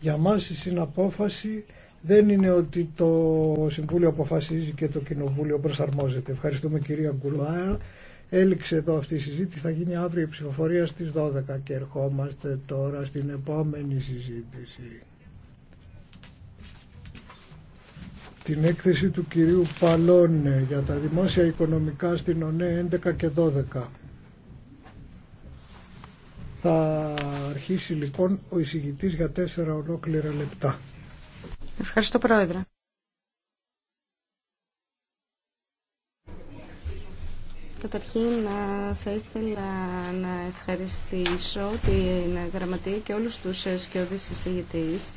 Για μας η συναπόφαση δεν είναι ότι το Συμβούλιο αποφασίζει και το Κοινοβούλιο προσαρμόζεται. Ευχαριστούμε κυρία Γκουλουάρα. Έληξε εδώ αυτή η συζήτηση, θα γίνει αύριο η ψηφοφορία στις 12 και ερχόμαστε τώρα στην επόμενη συζήτηση. Την έκθεση του κυρίου Παλώνε για τα δημόσια οικονομικά στην ΟΝΕ 11 και 12. Θα αρχίσει λοιπόν ο εισηγητής για τέσσερα ολόκληρα λεπτά. Ευχαριστώ Πρόεδρε. Καταρχήν ε, θα ήθελα να ευχαριστήσω την γραμματεία και όλους τους σκιώδεις εισηγητής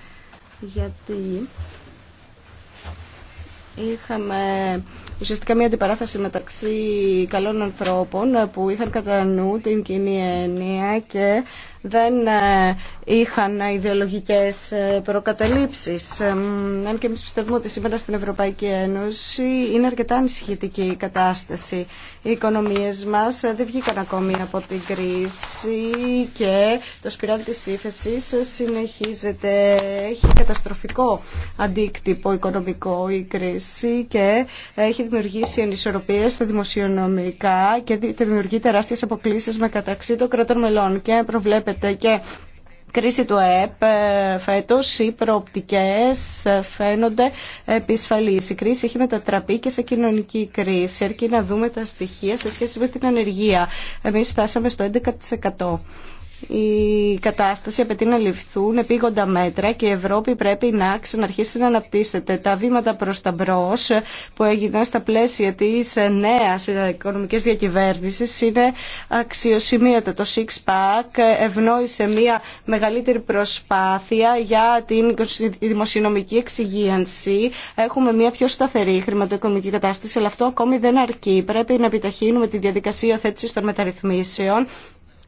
γιατί είχαμε ουσιαστικά μια αντιπαράθεση μεταξύ καλών ανθρώπων που είχαν κατά νου την κοινή έννοια και δεν ε, είχαν ιδεολογικές ε, προκαταλήψεις. Ε, αν και εμείς πιστεύουμε ότι σήμερα στην Ευρωπαϊκή Ένωση είναι αρκετά ανησυχητική η κατάσταση. Οι οικονομίες μας δεν βγήκαν ακόμη από την κρίση και το σπιράδι της ύφεσης συνεχίζεται. Έχει καταστροφικό αντίκτυπο οικονομικό η κρίση και έχει δημιουργήσει ανισορροπίες στα δημοσιονομικά και δημιουργεί τεράστιες αποκλήσεις με καταξύ των κρατών μελών και προβλέπεται και κρίση του ΑΕΠ ε, φέτος οι προοπτικές ε, φαίνονται επισφαλείς. Η κρίση έχει μετατραπεί και σε κοινωνική κρίση, αρκεί να δούμε τα στοιχεία σε σχέση με την ανεργία. Εμείς φτάσαμε στο 11% η κατάσταση απαιτεί να ληφθούν επίγοντα μέτρα και η Ευρώπη πρέπει να ξαναρχίσει να αναπτύσσεται. Τα βήματα προ τα μπρο που έγιναν στα πλαίσια τη νέα οικονομική διακυβέρνηση. είναι αξιοσημείωτα. Το Six Pack ευνόησε μια μεγαλύτερη προσπάθεια για την δημοσιονομική εξυγίανση. Έχουμε μια πιο σταθερή χρηματοοικονομική κατάσταση, αλλά αυτό ακόμη δεν αρκεί. Πρέπει να επιταχύνουμε τη διαδικασία υιοθέτηση των μεταρρυθμίσεων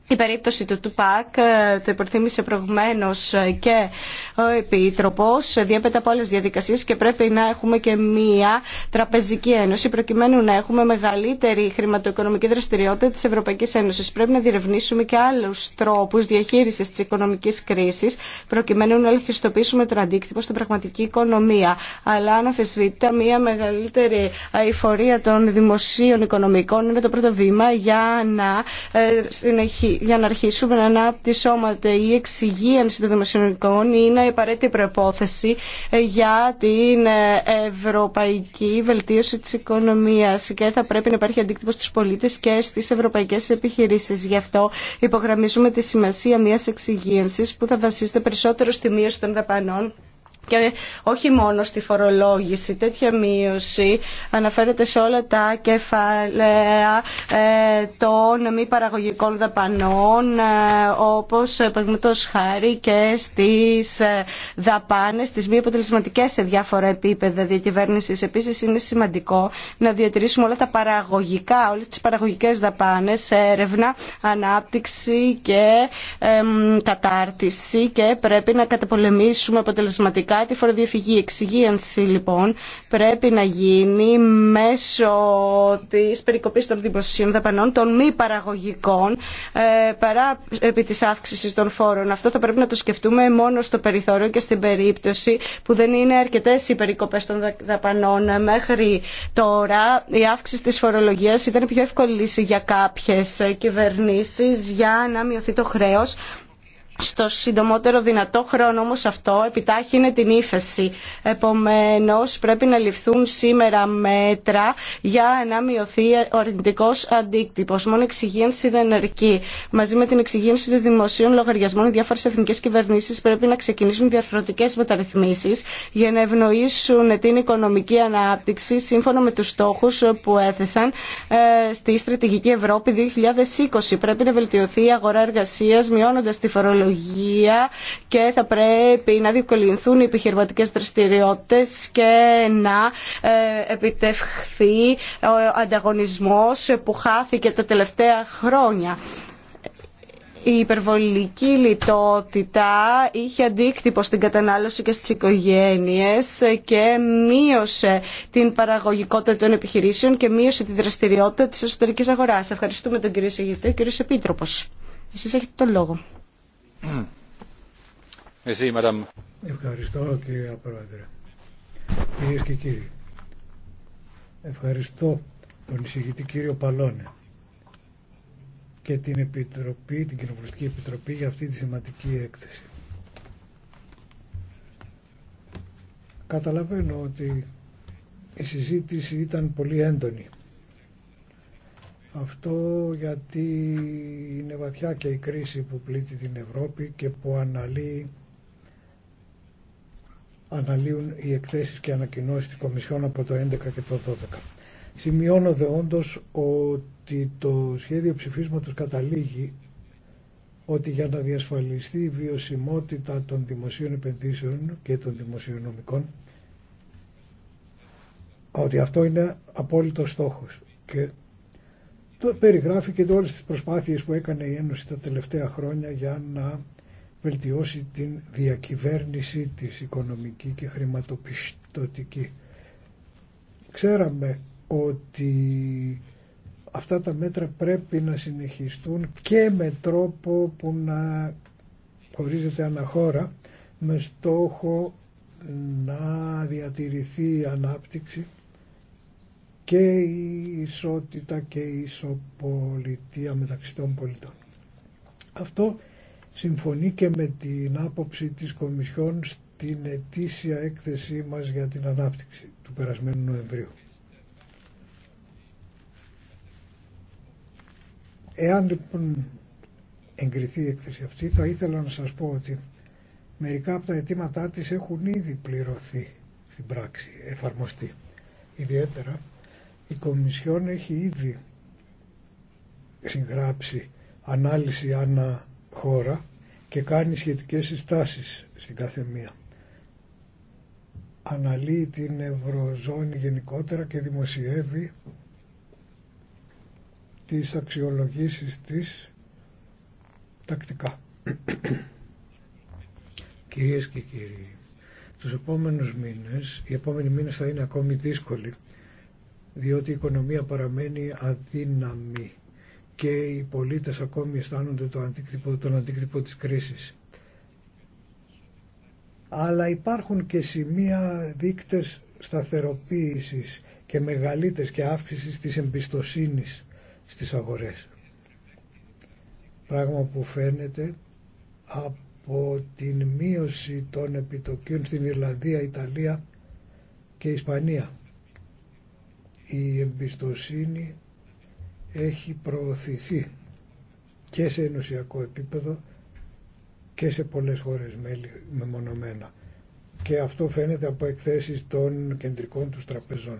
η περίπτωση του ΤΟΥΠΑΚ ε, το υποθύμησε προηγουμένω ε, και ο Επίτροπο. Ε, διέπεται από άλλε διαδικασίε και πρέπει να έχουμε και μία τραπεζική ένωση προκειμένου να έχουμε μεγαλύτερη χρηματοοικονομική δραστηριότητα τη Ευρωπαϊκή Ένωση. Πρέπει να διερευνήσουμε και άλλου τρόπου διαχείριση τη οικονομική κρίση προκειμένου να ελχιστοποιήσουμε τον αντίκτυπο στην πραγματική οικονομία. Αλλά αναφεσβήτητα μία μεγαλύτερη αηφορία των δημοσίων οικονομικών είναι το πρώτο βήμα για να συνεχίσει για να αρχίσουμε να αναπτυσσόμαστε η εξυγίανση των δημοσιονομικών είναι η απαραίτητη προπόθεση ε, για την ε, ευρωπαϊκή βελτίωση της οικονομίας και θα πρέπει να υπάρχει αντίκτυπο στους πολίτες και στις ευρωπαϊκές επιχειρήσεις. Γι' αυτό υπογραμμίζουμε τη σημασία μιας εξυγίανσης που θα βασίζεται περισσότερο στη μείωση των δαπανών και όχι μόνο στη φορολόγηση. Τέτοια μείωση αναφέρεται σε όλα τα κεφαλαία ε, των μη παραγωγικών δαπανών ε, όπως παραδείγματος χάρη και στις ε, δαπάνες, στις μη αποτελεσματικές σε διάφορα επίπεδα διακυβέρνησης. Επίσης είναι σημαντικό να διατηρήσουμε όλα τα παραγωγικά, όλες τις παραγωγικές δαπάνες έρευνα, ανάπτυξη και κατάρτιση και πρέπει να καταπολεμήσουμε αποτελεσματικά κάτι τη φοροδιαφυγή. Εξυγίανση λοιπόν πρέπει να γίνει μέσω της περικοπής των δημοσίων δαπανών, των μη παραγωγικών, ε, παρά επί της αύξησης των φόρων. Αυτό θα πρέπει να το σκεφτούμε μόνο στο περιθώριο και στην περίπτωση που δεν είναι αρκετέ οι περικοπές των δαπανών. Μέχρι τώρα η αύξηση της φορολογίας ήταν πιο εύκολη για κάποιε κυβερνήσει για να μειωθεί το χρέο στο συντομότερο δυνατό χρόνο όμως αυτό επιτάχυνε την ύφεση. Επομένως πρέπει να ληφθούν σήμερα μέτρα για να μειωθεί ο αρνητικό αντίκτυπος. Μόνο εξυγίανση δεν αρκεί. Μαζί με την εξυγίανση των δημοσίων λογαριασμών οι διάφορες εθνικές κυβερνήσεις πρέπει να ξεκινήσουν διαφορετικές μεταρρυθμίσεις για να ευνοήσουν την οικονομική ανάπτυξη σύμφωνα με τους στόχους που έθεσαν ε, στη Στρατηγική Ευρώπη 2020. Πρέπει να βελτιωθεί η αγορά εργασίας μειώνοντας τη φορολογία και θα πρέπει να διευκολυνθούν οι επιχειρηματικές δραστηριότητες και να ε, επιτευχθεί ε, ο ανταγωνισμός που χάθηκε τα τελευταία χρόνια η υπερβολική λιτότητα είχε αντίκτυπο στην κατανάλωση και στις οικογένειες και μείωσε την παραγωγικότητα των επιχειρήσεων και μείωσε τη δραστηριότητα της εσωτερικής αγοράς. Ευχαριστούμε τον κύριο Σεγητή, κύριο Επίτροπος. Εσείς έχετε τον λόγο. Ευχαριστώ κύριε Πρόεδρε. Κυρίες και κύριοι, ευχαριστώ τον εισηγητή κύριο Παλώνε και την Επιτροπή, την Κοινοβουλευτική Επιτροπή για αυτή τη σημαντική έκθεση. Καταλαβαίνω ότι η συζήτηση ήταν πολύ έντονη. Αυτό γιατί είναι βαθιά και η κρίση που πλήττει την Ευρώπη και που αναλύει αναλύουν οι εκθέσεις και ανακοινώσεις της Κομισιόν από το 11 και το 12. Σημειώνω δε όντως ότι το σχέδιο ψηφίσματος καταλήγει ότι για να διασφαλιστεί η βιωσιμότητα των δημοσίων επενδύσεων και των δημοσιονομικών ότι αυτό είναι απόλυτο στόχος και το περιγράφει και όλες τις προσπάθειες που έκανε η Ένωση τα τελευταία χρόνια για να βελτιώσει την διακυβέρνηση της οικονομική και χρηματοπιστωτική. Ξέραμε ότι αυτά τα μέτρα πρέπει να συνεχιστούν και με τρόπο που να χωρίζεται αναχώρα με στόχο να διατηρηθεί η ανάπτυξη και η ισότητα και η ισοπολιτεία μεταξύ των πολιτών. Αυτό συμφωνεί και με την άποψη της Κομισιόν στην ετήσια έκθεσή μας για την ανάπτυξη του περασμένου Νοεμβρίου. Εάν λοιπόν εγκριθεί η έκθεση αυτή θα ήθελα να σας πω ότι μερικά από τα αιτήματά της έχουν ήδη πληρωθεί στην πράξη, εφαρμοστεί. Ιδιαίτερα η Κομισιόν έχει ήδη συγγράψει ανάλυση ανά χώρα και κάνει σχετικές συστάσεις στην καθεμία. Αναλύει την Ευρωζώνη γενικότερα και δημοσιεύει τις αξιολογήσεις της τακτικά. Κυρίες και κύριοι, τους επόμενους μήνες, οι επόμενοι μήνες θα είναι ακόμη δύσκολοι, διότι η οικονομία παραμένει αδύναμη και οι πολίτες ακόμη αισθάνονται το αντικριπό τον αντίκτυπο της κρίσης. Αλλά υπάρχουν και σημεία δείκτες σταθεροποίησης και μεγαλύτερης και αύξησης της εμπιστοσύνης στις αγορές. Πράγμα που φαίνεται από την μείωση των επιτοκίων στην Ιρλανδία, Ιταλία και Ισπανία. Η εμπιστοσύνη έχει προωθηθεί και σε ενωσιακό επίπεδο και σε πολλές χώρες μεμονωμένα. Και αυτό φαίνεται από εκθέσεις των κεντρικών τους τραπεζών.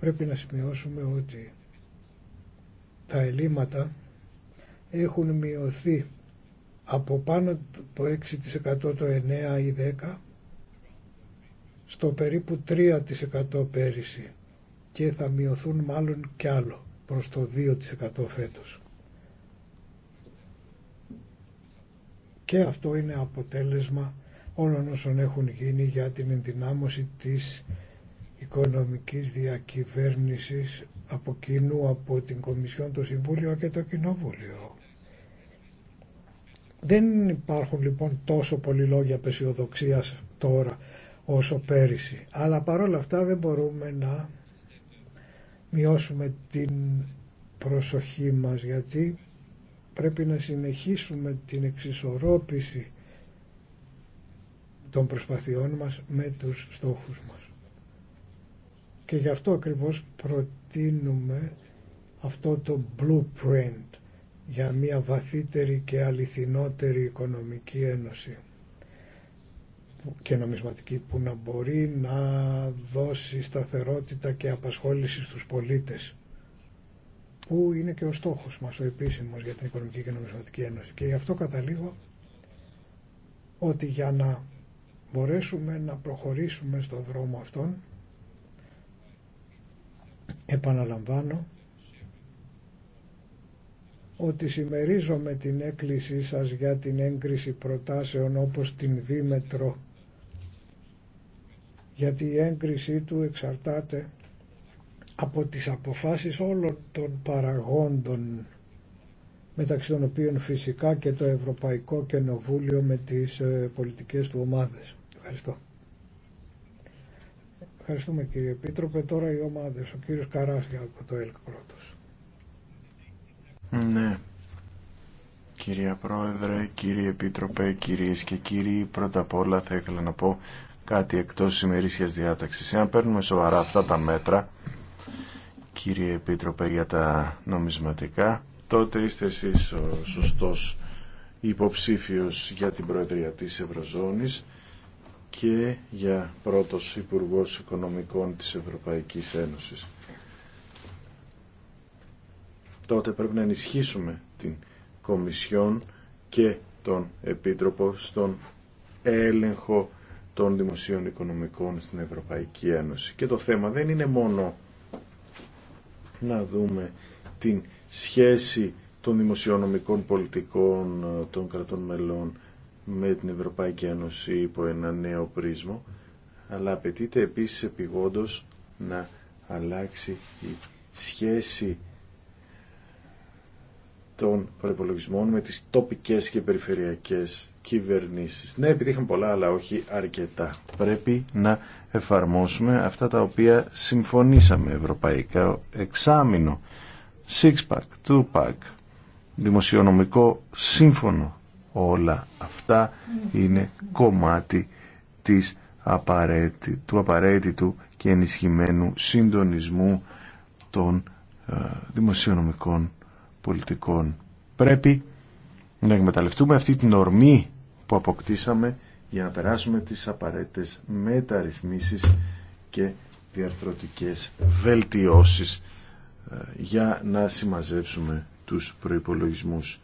Πρέπει να σημειώσουμε ότι τα ελλείμματα έχουν μειωθεί από πάνω το 6% το 9 ή 10 στο περίπου 3% πέρυσι και θα μειωθούν μάλλον κι άλλο προς το 2% φέτος. Και αυτό είναι αποτέλεσμα όλων όσων έχουν γίνει για την ενδυνάμωση της οικονομικής διακυβέρνησης από κοινού από την Κομισιόν, το Συμβούλιο και το Κοινοβούλιο. Δεν υπάρχουν λοιπόν τόσο πολλοί λόγια πεσιοδοξίας τώρα όσο πέρυσι. Αλλά παρόλα αυτά δεν μπορούμε να μειώσουμε την προσοχή μας γιατί πρέπει να συνεχίσουμε την εξισορρόπηση των προσπαθειών μας με τους στόχους μας. Και γι' αυτό ακριβώς προτείνουμε αυτό το blueprint για μια βαθύτερη και αληθινότερη οικονομική ένωση και νομισματική που να μπορεί να δώσει σταθερότητα και απασχόληση στους πολίτες που είναι και ο στόχος μας ο επίσημος για την Οικονομική και Νομισματική Ένωση και γι' αυτό καταλήγω ότι για να μπορέσουμε να προχωρήσουμε στον δρόμο αυτόν επαναλαμβάνω ότι συμμερίζομαι την έκκλησή σας για την έγκριση προτάσεων όπως την Δήμετρο γιατί η έγκρισή του εξαρτάται από τις αποφάσεις όλων των παραγόντων μεταξύ των οποίων φυσικά και το Ευρωπαϊκό Κοινοβούλιο με τις ε, πολιτικές του ομάδες. Ευχαριστώ. Ευχαριστούμε κύριε Επίτροπε. Τώρα οι ομάδες. Ο κύριος Καράσια από το ΕΛΚ πρώτος. Ναι. Κυρία Πρόεδρε, κύριε Επίτροπε, κυρίες και κύριοι, πρώτα απ' όλα θα ήθελα να πω κάτι εκτός της ημερήσιας διάταξης. Εάν παίρνουμε σοβαρά αυτά τα μέτρα, κύριε Επίτροπε για τα νομισματικά, τότε είστε εσείς ο σωστός υποψήφιος για την Προεδρία της Ευρωζώνης και για πρώτος Υπουργός Οικονομικών της Ευρωπαϊκής Ένωσης. Τότε πρέπει να ενισχύσουμε την Κομισιόν και τον Επίτροπο στον έλεγχο των δημοσίων οικονομικών στην Ευρωπαϊκή Ένωση. Και το θέμα δεν είναι μόνο να δούμε την σχέση των δημοσιονομικών πολιτικών ε, των κρατών μελών με την Ευρωπαϊκή Ένωση υπό ένα νέο πρίσμο, αλλά απαιτείται επίσης επιγόντως να αλλάξει η σχέση των προπολογισμών με τις τοπικές και περιφερειακές κυβερνήσεις. Ναι, επιτύχαμε πολλά, αλλά όχι αρκετά. Πρέπει να εφαρμόσουμε αυτά τα οποία συμφωνήσαμε ευρωπαϊκά εξάμεινο, six-pack, two-pack, δημοσιονομικό σύμφωνο. Όλα αυτά είναι κομμάτι της του απαραίτητου και ενισχυμένου συντονισμού των ε, δημοσιονομικών πολιτικών. Πρέπει να εκμεταλλευτούμε αυτή την ορμή που αποκτήσαμε για να περάσουμε τις απαραίτητες μεταρρυθμίσεις και διαρθρωτικές βελτιώσεις ε, για να συμμαζέψουμε τους προϋπολογισμούς.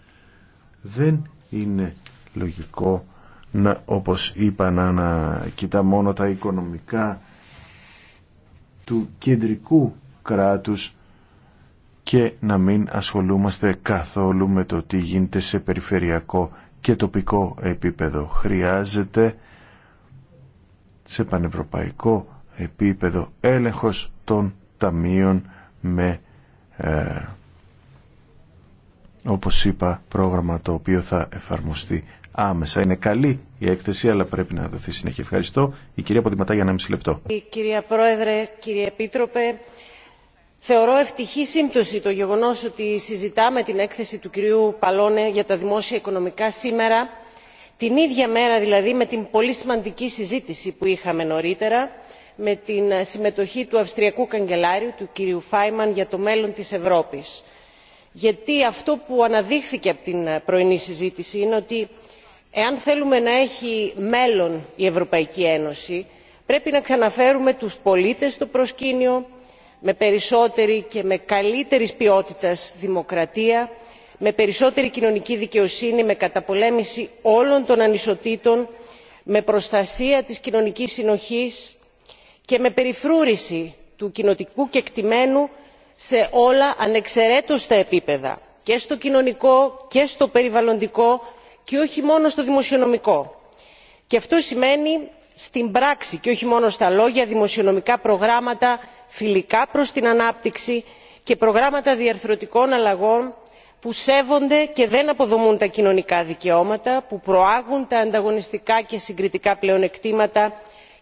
Δεν είναι λογικό να, όπως είπα να, να κοιτά μόνο τα οικονομικά του κεντρικού κράτους και να μην ασχολούμαστε καθόλου με το τι γίνεται σε περιφερειακό και τοπικό επίπεδο. Χρειάζεται σε πανευρωπαϊκό επίπεδο έλεγχος των ταμείων με ε, όπως είπα πρόγραμμα το οποίο θα εφαρμοστεί άμεσα. Είναι καλή η έκθεση αλλά πρέπει να δοθεί συνέχεια. Ευχαριστώ. Η κυρία Ποδηματά για ένα μισή λεπτό. Η κυρία Πρόεδρε, κύριε Επίτροπε, θεωρώ ευτυχή σύμπτωση το γεγονός ότι συζητάμε την έκθεση του κυρίου Παλώνε για τα δημόσια οικονομικά σήμερα την ίδια μέρα δηλαδή με την πολύ σημαντική συζήτηση που είχαμε νωρίτερα με την συμμετοχή του αυστριακού καγκελάριου του κυρίου φάιμαν για το μέλλον της ευρώπης γιατί αυτό που αναδείχθηκε από την πρωινή συζήτηση είναι ότι εάν θέλουμε να έχει μέλλον η ευρωπαϊκή ένωση πρέπει να ξαναφέρουμε τους πολίτε στο προσκήνιο με περισσότερη και με καλύτερης ποιότητας δημοκρατία με περισσότερη κοινωνική δικαιοσύνη με καταπολέμηση όλων των ανισοτήτων με προστασία της κοινωνικής συνοχής και με περιφρούρηση του κοινοτικού κεκτημένου σε όλα ανεξαιρέτως τα επίπεδα και στο κοινωνικό και στο περιβαλλοντικό και όχι μόνο στο δημοσιονομικό. και αυτό σημαίνει στην πράξη και όχι μόνο στα λόγια δημοσιονομικά προγράμματα φιλικά προς την ανάπτυξη και προγράμματα διαρθρωτικών αλλαγών που σέβονται και δεν αποδομούν τα κοινωνικά δικαιώματα που προάγουν τα ανταγωνιστικά και συγκριτικά πλεονεκτήματα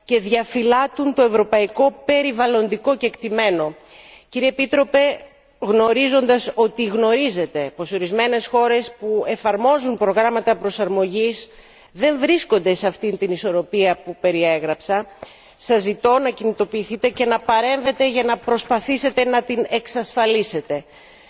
και διαφυλάττουν το ευρωπαϊκό περιβαλλοντικό κεκτημένο. κύριε επίτροπε γνωρίζοντας ότι γνωρίζετε πως ορισμένες χώρες που εφαρμόζουν προγράμματα προσαρμογής δεν βρίσκονται σε αυτή την ισορροπία που περιέγραψα σας ζητώ να κινητοποιηθείτε και να παρέμβετε για να προσπαθήσετε να την εξασφαλίσετε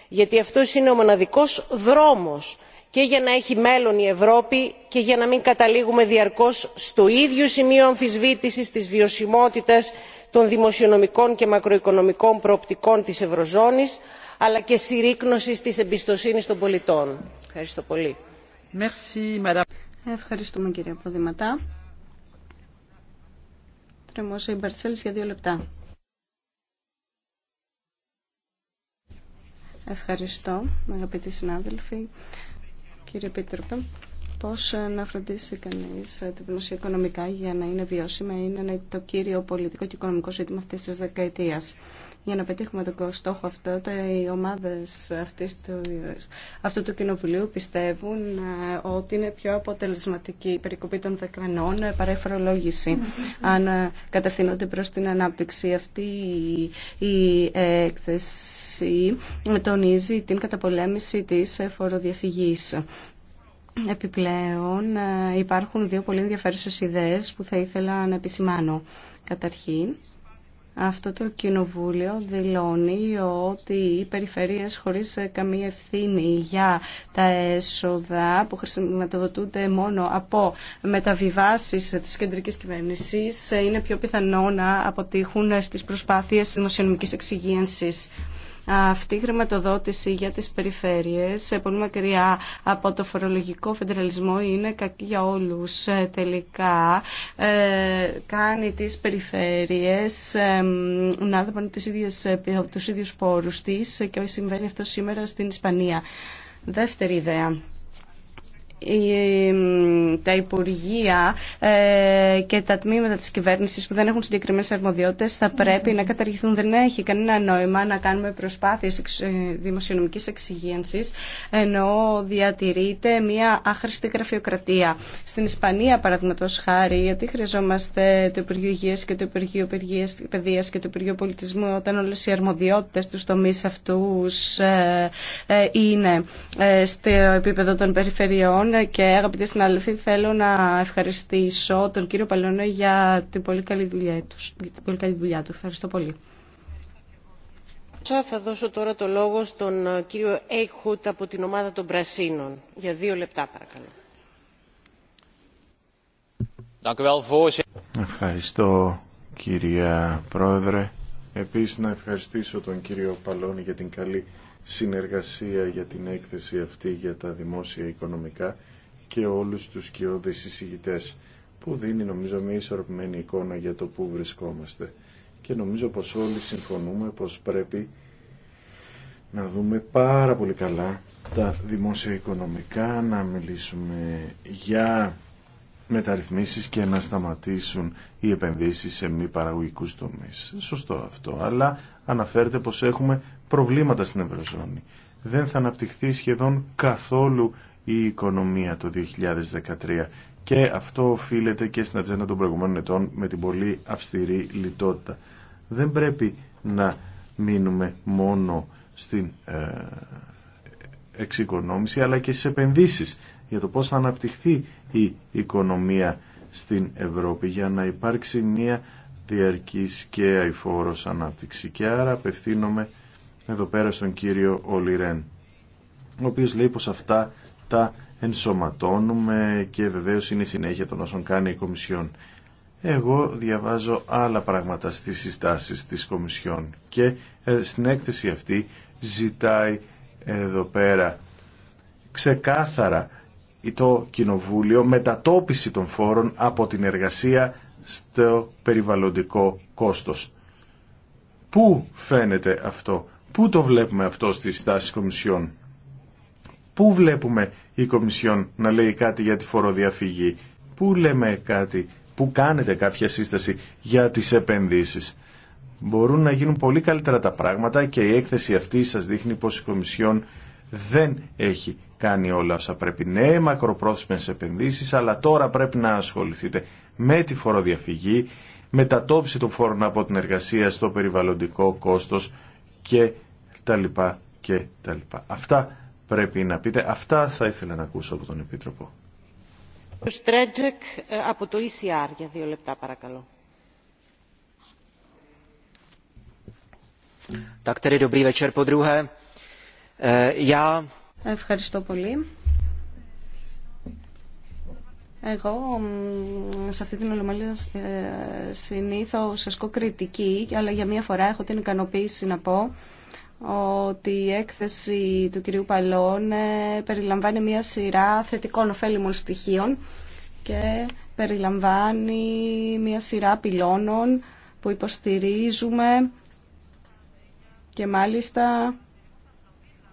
γιατί αυτό είναι ο μοναδικός δρόμος και για να έχει μέλλον η ευρώπη και για να μην καταλήγουμε διαρκώς στο ίδιο σημείο αμφισβήτησης της βιωσιμότητας των δημοσιονομικών και μακροοικονομικών προοπτικών της ευρωζώνης αλλά και συρρήκνωσης της εμπιστοσύνης των πολιτών. ευχαριστώ πολύ. Ευχαριστούμε κύριε Ποδηματά. η Μπαρσέλης για δύο λεπτά. Ευχαριστώ, αγαπητοί συνάδελφοι, κύριε Πίτροπε. Πώς να φροντίσει κανείς τη δημοσία οικονομικά για να είναι βιώσιμα είναι το κύριο πολιτικό και οικονομικό ζήτημα αυτής της δεκαετίας. Για να πετύχουμε τον στόχο αυτό, οι ομάδες του, αυτού του κοινοβουλίου πιστεύουν ε, ότι είναι πιο αποτελεσματική η περικοπή των δεκανών ε, παρά φορολόγηση. Αν ε, κατευθυνόνται προς την ανάπτυξη αυτή η έκθεση τονίζει την καταπολέμηση της φοροδιαφυγής. Επιπλέον υπάρχουν δύο πολύ ενδιαφέρουσες ιδέες που θα ήθελα να επισημάνω. Καταρχήν, αυτό το κοινοβούλιο δηλώνει ότι οι περιφερειές χωρίς καμία ευθύνη για τα έσοδα που χρησιμοποιούνται μόνο από μεταβιβάσεις της κεντρικής κυβέρνησης ε, είναι πιο πιθανό να αποτύχουν στις προσπάθειες δημοσιονομικής εξυγίανσης αυτή η χρηματοδότηση για τις περιφέρειες ε, πολύ μακριά από το φορολογικό φεντεραλισμό είναι κακή για όλους ε, τελικά ε, κάνει τις περιφέρειες να δεν τους ίδιους, τους ίδιους πόρους της και συμβαίνει αυτό σήμερα στην Ισπανία. Δεύτερη ιδέα τα Υπουργεία ε, και τα τμήματα της κυβέρνησης που δεν έχουν συγκεκριμένες αρμοδιότητες θα πρέπει να καταργηθούν. Δεν έχει κανένα νόημα να κάνουμε προσπάθειες ε, δημοσιονομικής εξυγίανσης ενώ διατηρείται μια άχρηστη γραφειοκρατία. Στην Ισπανία, παραδείγματο χάρη, γιατί χρειαζόμαστε το Υπουργείο Υγεία και το Υπουργείο Παιδεία και το Υπουργείο Πολιτισμού όταν όλε οι αρμοδιότητε του τομεί αυτού ε, είναι στο επίπεδο των περιφερειών λοιπόν και αγαπητοί συναδελφοί, θέλω να ευχαριστήσω τον κύριο Παλαιόνο για την πολύ καλή δουλειά του. Την πολύ καλή δουλειά του. Ευχαριστώ πολύ. Θα δώσω τώρα το λόγο στον κύριο Έχουτ από την ομάδα των Πρασίνων. Για δύο λεπτά παρακαλώ. Ευχαριστώ κυρία Πρόεδρε. Επίσης να ευχαριστήσω τον κύριο Παλόνι για την καλή συνεργασία για την έκθεση αυτή για τα δημόσια οικονομικά και όλους τους κοιόδης εισηγητές που δίνει νομίζω μια ισορροπημένη εικόνα για το που βρισκόμαστε. Και νομίζω πως όλοι συμφωνούμε πως πρέπει να δούμε πάρα πολύ καλά τα δημόσια οικονομικά, να μιλήσουμε για μεταρρυθμίσεις και να σταματήσουν οι επενδύσεις σε μη παραγωγικούς τομείς. Σωστό αυτό, αλλά αναφέρεται πως έχουμε προβλήματα στην Ευρωζώνη. Δεν θα αναπτυχθεί σχεδόν καθόλου η οικονομία το 2013 και αυτό οφείλεται και στην ατζέντα των προηγουμένων ετών με την πολύ αυστηρή λιτότητα. Δεν πρέπει να μείνουμε μόνο στην ε, εξοικονόμηση αλλά και στις επενδύσεις για το πώς θα αναπτυχθεί η οικονομία στην Ευρώπη για να υπάρξει μια διαρκής και αηφόρος ανάπτυξη. Και άρα απευθύνομαι εδώ πέρα στον κύριο Ολιρέν, ο οποίος λέει πως αυτά τα ενσωματώνουμε και βεβαίως είναι η συνέχεια των όσων κάνει η Κομισιόν. Εγώ διαβάζω άλλα πράγματα στις συστάσεις της Κομισιόν και ε, στην έκθεση αυτή ζητάει εδώ πέρα ξεκάθαρα το Κοινοβούλιο μετατόπιση των φόρων από την εργασία στο περιβαλλοντικό κόστος. Πού φαίνεται αυτό Πού το βλέπουμε αυτό στις στάσεις Κομισιόν. Πού βλέπουμε η Κομισιόν να λέει κάτι για τη φοροδιαφυγή. Πού λέμε κάτι, πού κάνετε κάποια σύσταση για τις επενδύσεις. Μπορούν να γίνουν πολύ καλύτερα τα πράγματα και η έκθεση αυτή σας δείχνει πως η Κομισιόν δεν έχει κάνει όλα όσα πρέπει. Ναι, μακροπρόθεσμες επενδύσεις, αλλά τώρα πρέπει να ασχοληθείτε με τη φοροδιαφυγή, μετατόπιση των φόρων από την εργασία στο περιβαλλοντικό κόστος, και τα λοιπά και τα λοιπά. Αυτά πρέπει να πείτε. Αυτά θα ήθελα να ακούσω από τον Επίτροπο. Ο Στρέτζεκ ε, από το ECR για δύο λεπτά παρακαλώ. Ε, Ευχαριστώ πολύ. Εγώ σε αυτή την ολομέλεια ε, συνήθως ασκώ κριτική, αλλά για μία φορά έχω την ικανοποίηση να πω ότι η έκθεση του κυρίου Παλών ε, περιλαμβάνει μία σειρά θετικών ωφέλιμων στοιχείων και περιλαμβάνει μία σειρά πυλώνων που υποστηρίζουμε και μάλιστα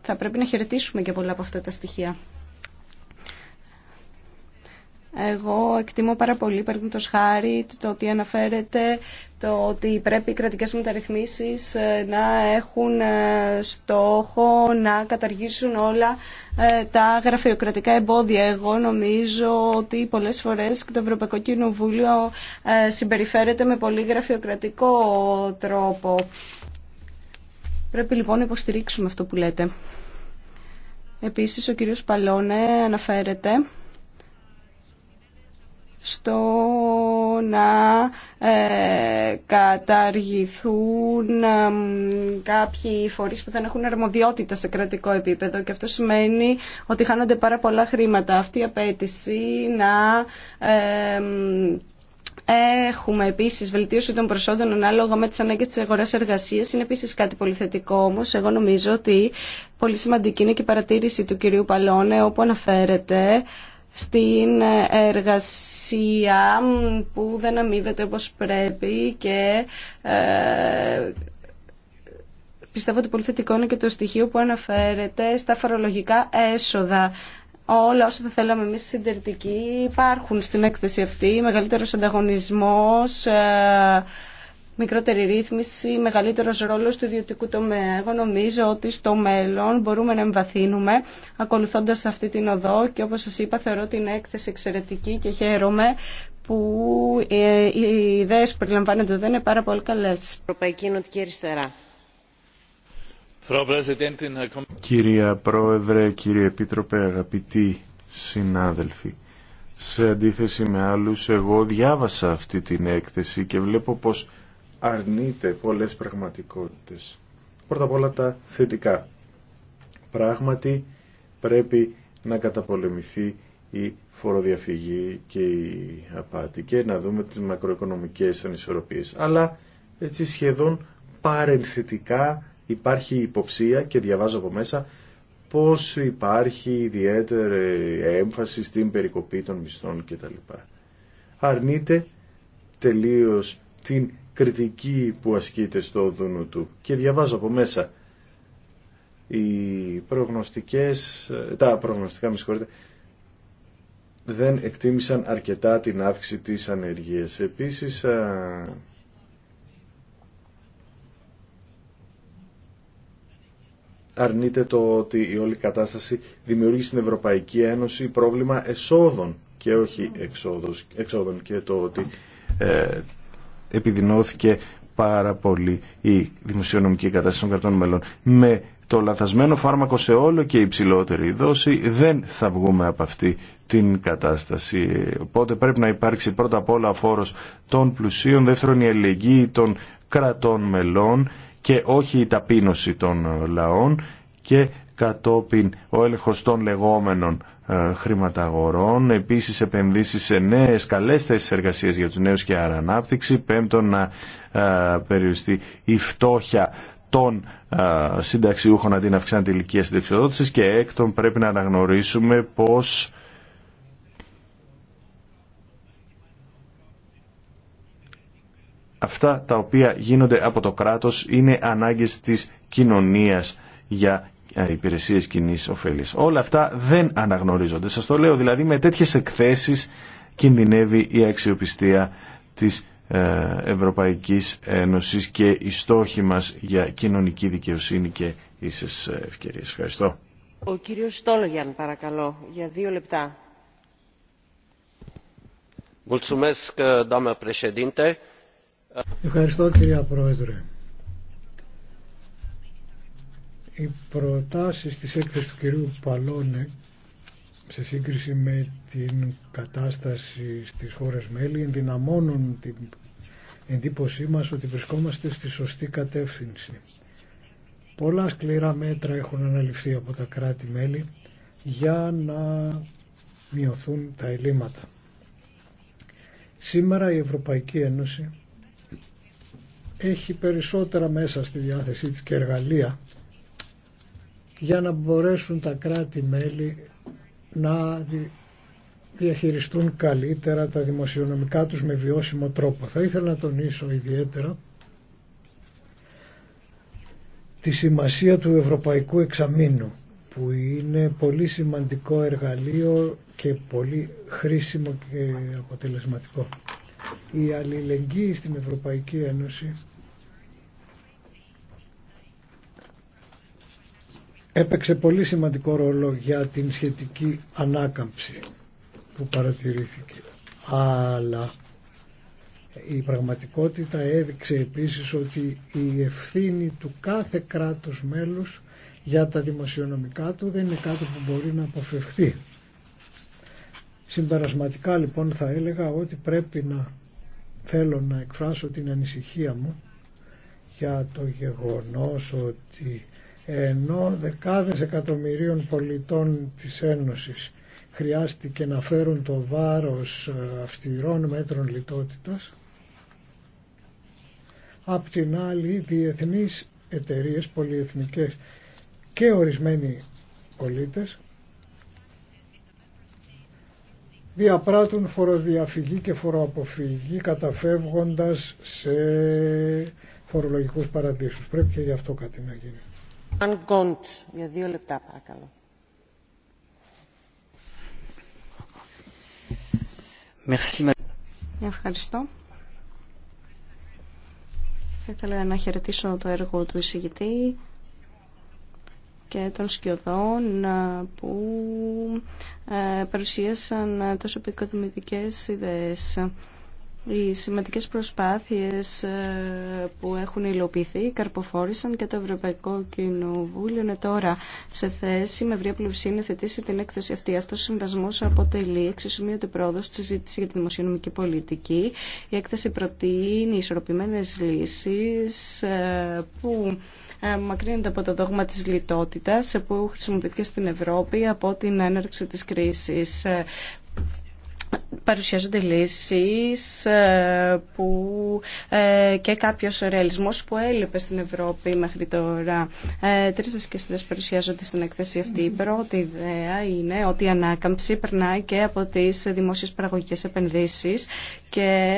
θα πρέπει να χαιρετήσουμε και πολλά από αυτά τα στοιχεία. Εγώ εκτιμώ πάρα πολύ, το χάρη, το ότι αναφέρεται το ότι πρέπει οι κρατικές μεταρρυθμίσεις ε, να έχουν ε, στόχο να καταργήσουν όλα ε, τα γραφειοκρατικά εμπόδια. Εγώ νομίζω ότι πολλές φορές και το Ευρωπαϊκό Κοινοβούλιο συμπεριφέρεται με πολύ γραφειοκρατικό τρόπο. Πρέπει λοιπόν να υποστηρίξουμε αυτό που λέτε. Επίσης, ο κύριος Παλώνε αναφέρεται στο να ε, καταργηθούν ε, κάποιοι φορείς που δεν έχουν αρμοδιότητα σε κρατικό επίπεδο και αυτό σημαίνει ότι χάνονται πάρα πολλά χρήματα. Αυτή η απέτηση να ε, Έχουμε επίση βελτίωση των προσόντων ανάλογα με τι ανάγκε τη αγορά εργασία. Είναι επίση κάτι πολύ θετικό όμω. Εγώ νομίζω ότι πολύ σημαντική είναι και η παρατήρηση του κυρίου Παλώνε όπου αναφέρεται στην εργασία που δεν αμείβεται όπως πρέπει και ε, πιστεύω ότι πολύ θετικό είναι και το στοιχείο που αναφέρεται στα φορολογικά έσοδα. Όλα όσα θα θέλαμε εμείς συντερτικοί υπάρχουν στην έκθεση αυτή. Μεγαλύτερος ανταγωνισμός, ε, μικρότερη ρύθμιση, μεγαλύτερος ρόλος του ιδιωτικού τομέα. Εγώ νομίζω ότι στο μέλλον μπορούμε να εμβαθύνουμε ακολουθώντας αυτή την οδό και όπως σας είπα θεωρώ την έκθεση εξαιρετική και χαίρομαι που ε, οι ιδέες που περιλαμβάνονται εδώ είναι πάρα πολύ καλές. Ευρωπαϊκή Κυρία Πρόεδρε, κύριε Επίτροπε, αγαπητοί συνάδελφοι. Σε αντίθεση με άλλους, εγώ διάβασα αυτή την έκθεση και βλέπω πως αρνείται πολλές πραγματικότητες. Πρώτα απ' όλα τα θετικά. Πράγματι πρέπει να καταπολεμηθεί η φοροδιαφυγή και η απάτη και να δούμε τις μακροοικονομικές ανισορροπίες. Αλλά έτσι σχεδόν παρενθετικά υπάρχει υποψία και διαβάζω από μέσα πως υπάρχει ιδιαίτερη έμφαση στην περικοπή των μισθών κτλ. Αρνείται τελείως την κριτική που ασκείται στο δούνου του. Και διαβάζω από μέσα οι προγνωστικές, τα προγνωστικά με συγχωρείτε, δεν εκτίμησαν αρκετά την αύξηση της ανεργίας. Επίσης, αρνείται το ότι η όλη κατάσταση δημιουργεί στην Ευρωπαϊκή Ένωση πρόβλημα εσόδων και όχι εξόδων και το ότι ε, επιδεινώθηκε πάρα πολύ η δημοσιονομική κατάσταση των κρατών μελών. Με το λαθασμένο φάρμακο σε όλο και υψηλότερη δόση δεν θα βγούμε από αυτή την κατάσταση. Οπότε πρέπει να υπάρξει πρώτα απ' όλα φόρος των πλουσίων, δεύτερον η ελεγγύη των κρατών μελών και όχι η ταπείνωση των λαών και κατόπιν ο έλεγχος των λεγόμενων ε, χρηματαγορών, αγορών, επίσης επενδύσεις σε νέες καλές θέσεις εργασίας για τους νέους και άρα ανάπτυξη, πέμπτον να ε, περιοριστεί η φτώχεια των ε, συνταξιούχων αντί να αυξάνεται η ηλικία συνταξιοδότησης και έκτον πρέπει να αναγνωρίσουμε πως αυτά τα οποία γίνονται από το κράτος είναι ανάγκες της κοινωνίας για ε, υπηρεσίες κοινή ωφέλη. Όλα αυτά δεν αναγνωρίζονται. Σας το λέω δηλαδή με τέτοιε εκθέσεις κινδυνεύει η αξιοπιστία της ε, Ευρωπαϊκής Ένωση και οι στόχοι μα για κοινωνική δικαιοσύνη και ίσες ε, ευκαιρίες. Ευχαριστώ. Ο κύριος Στόλογιαν παρακαλώ για δύο λεπτά. Ευχαριστώ κυρία Πρόεδρε οι προτάσεις της έκθεσης του κυρίου Παλώνε σε σύγκριση με την κατάσταση στις χώρες μέλη ενδυναμώνουν την εντύπωσή μας ότι βρισκόμαστε στη σωστή κατεύθυνση. Πολλά σκληρά μέτρα έχουν αναλυφθεί από τα κράτη-μέλη για να μειωθούν τα ελλείμματα. Σήμερα η Ευρωπαϊκή Ένωση έχει περισσότερα μέσα στη διάθεσή της και εργαλεία για να μπορέσουν τα κράτη-μέλη να διαχειριστούν καλύτερα τα δημοσιονομικά τους με βιώσιμο τρόπο. Θα ήθελα να τονίσω ιδιαίτερα τη σημασία του Ευρωπαϊκού Εξαμήνου που είναι πολύ σημαντικό εργαλείο και πολύ χρήσιμο και αποτελεσματικό. Η αλληλεγγύη στην Ευρωπαϊκή Ένωση έπαιξε πολύ σημαντικό ρόλο για την σχετική ανάκαμψη που παρατηρήθηκε. Αλλά η πραγματικότητα έδειξε επίσης ότι η ευθύνη του κάθε κράτος μέλους για τα δημοσιονομικά του δεν είναι κάτι που μπορεί να αποφευχθεί. Συμπερασματικά λοιπόν θα έλεγα ότι πρέπει να θέλω να εκφράσω την ανησυχία μου για το γεγονός ότι ενώ δεκάδες εκατομμυρίων πολιτών της Ένωσης χρειάστηκε να φέρουν το βάρος ε, αυστηρών μέτρων λιτότητας απ' την άλλη διεθνείς εταιρείες πολυεθνικές και ορισμένοι πολίτες διαπράττουν φοροδιαφυγή και φοροαποφυγή καταφεύγοντας σε φορολογικούς παραδείσους. Πρέπει και γι' αυτό κάτι να γίνει. Ευχαριστώ. Θα ήθελα να χαιρετήσω το έργο του εισηγητή και των σκιωδών ε, που ε, παρουσίασαν τόσο επικοδομητικές ιδέες. Οι σημαντικές προσπάθειες ε, που έχουν υλοποιηθεί καρποφόρησαν και το Ευρωπαϊκό Κοινοβούλιο είναι τώρα σε θέση με βρία πλουσία να θετήσει την έκθεση αυτή. Αυτός ο συμβασμός αποτελεί εξισουμίωτη πρόοδο στη συζήτηση για τη δημοσιονομική πολιτική. Η έκθεση προτείνει ισορροπημένες λύσεις ε, που ε, μακρύνεται από το δόγμα της λιτότητας που χρησιμοποιήθηκε στην Ευρώπη από την έναρξη της κρίσης παρουσιάζονται λύσεις ε, που ε, και κάποιος ρεαλισμός που έλειπε στην Ευρώπη μέχρι τώρα. Ε, τρεις δασκευαστές παρουσιάζονται στην εκθέση αυτή. Η πρώτη ιδέα είναι ότι η ανάκαμψη περνάει και από τις δημόσιες παραγωγικές επενδύσεις και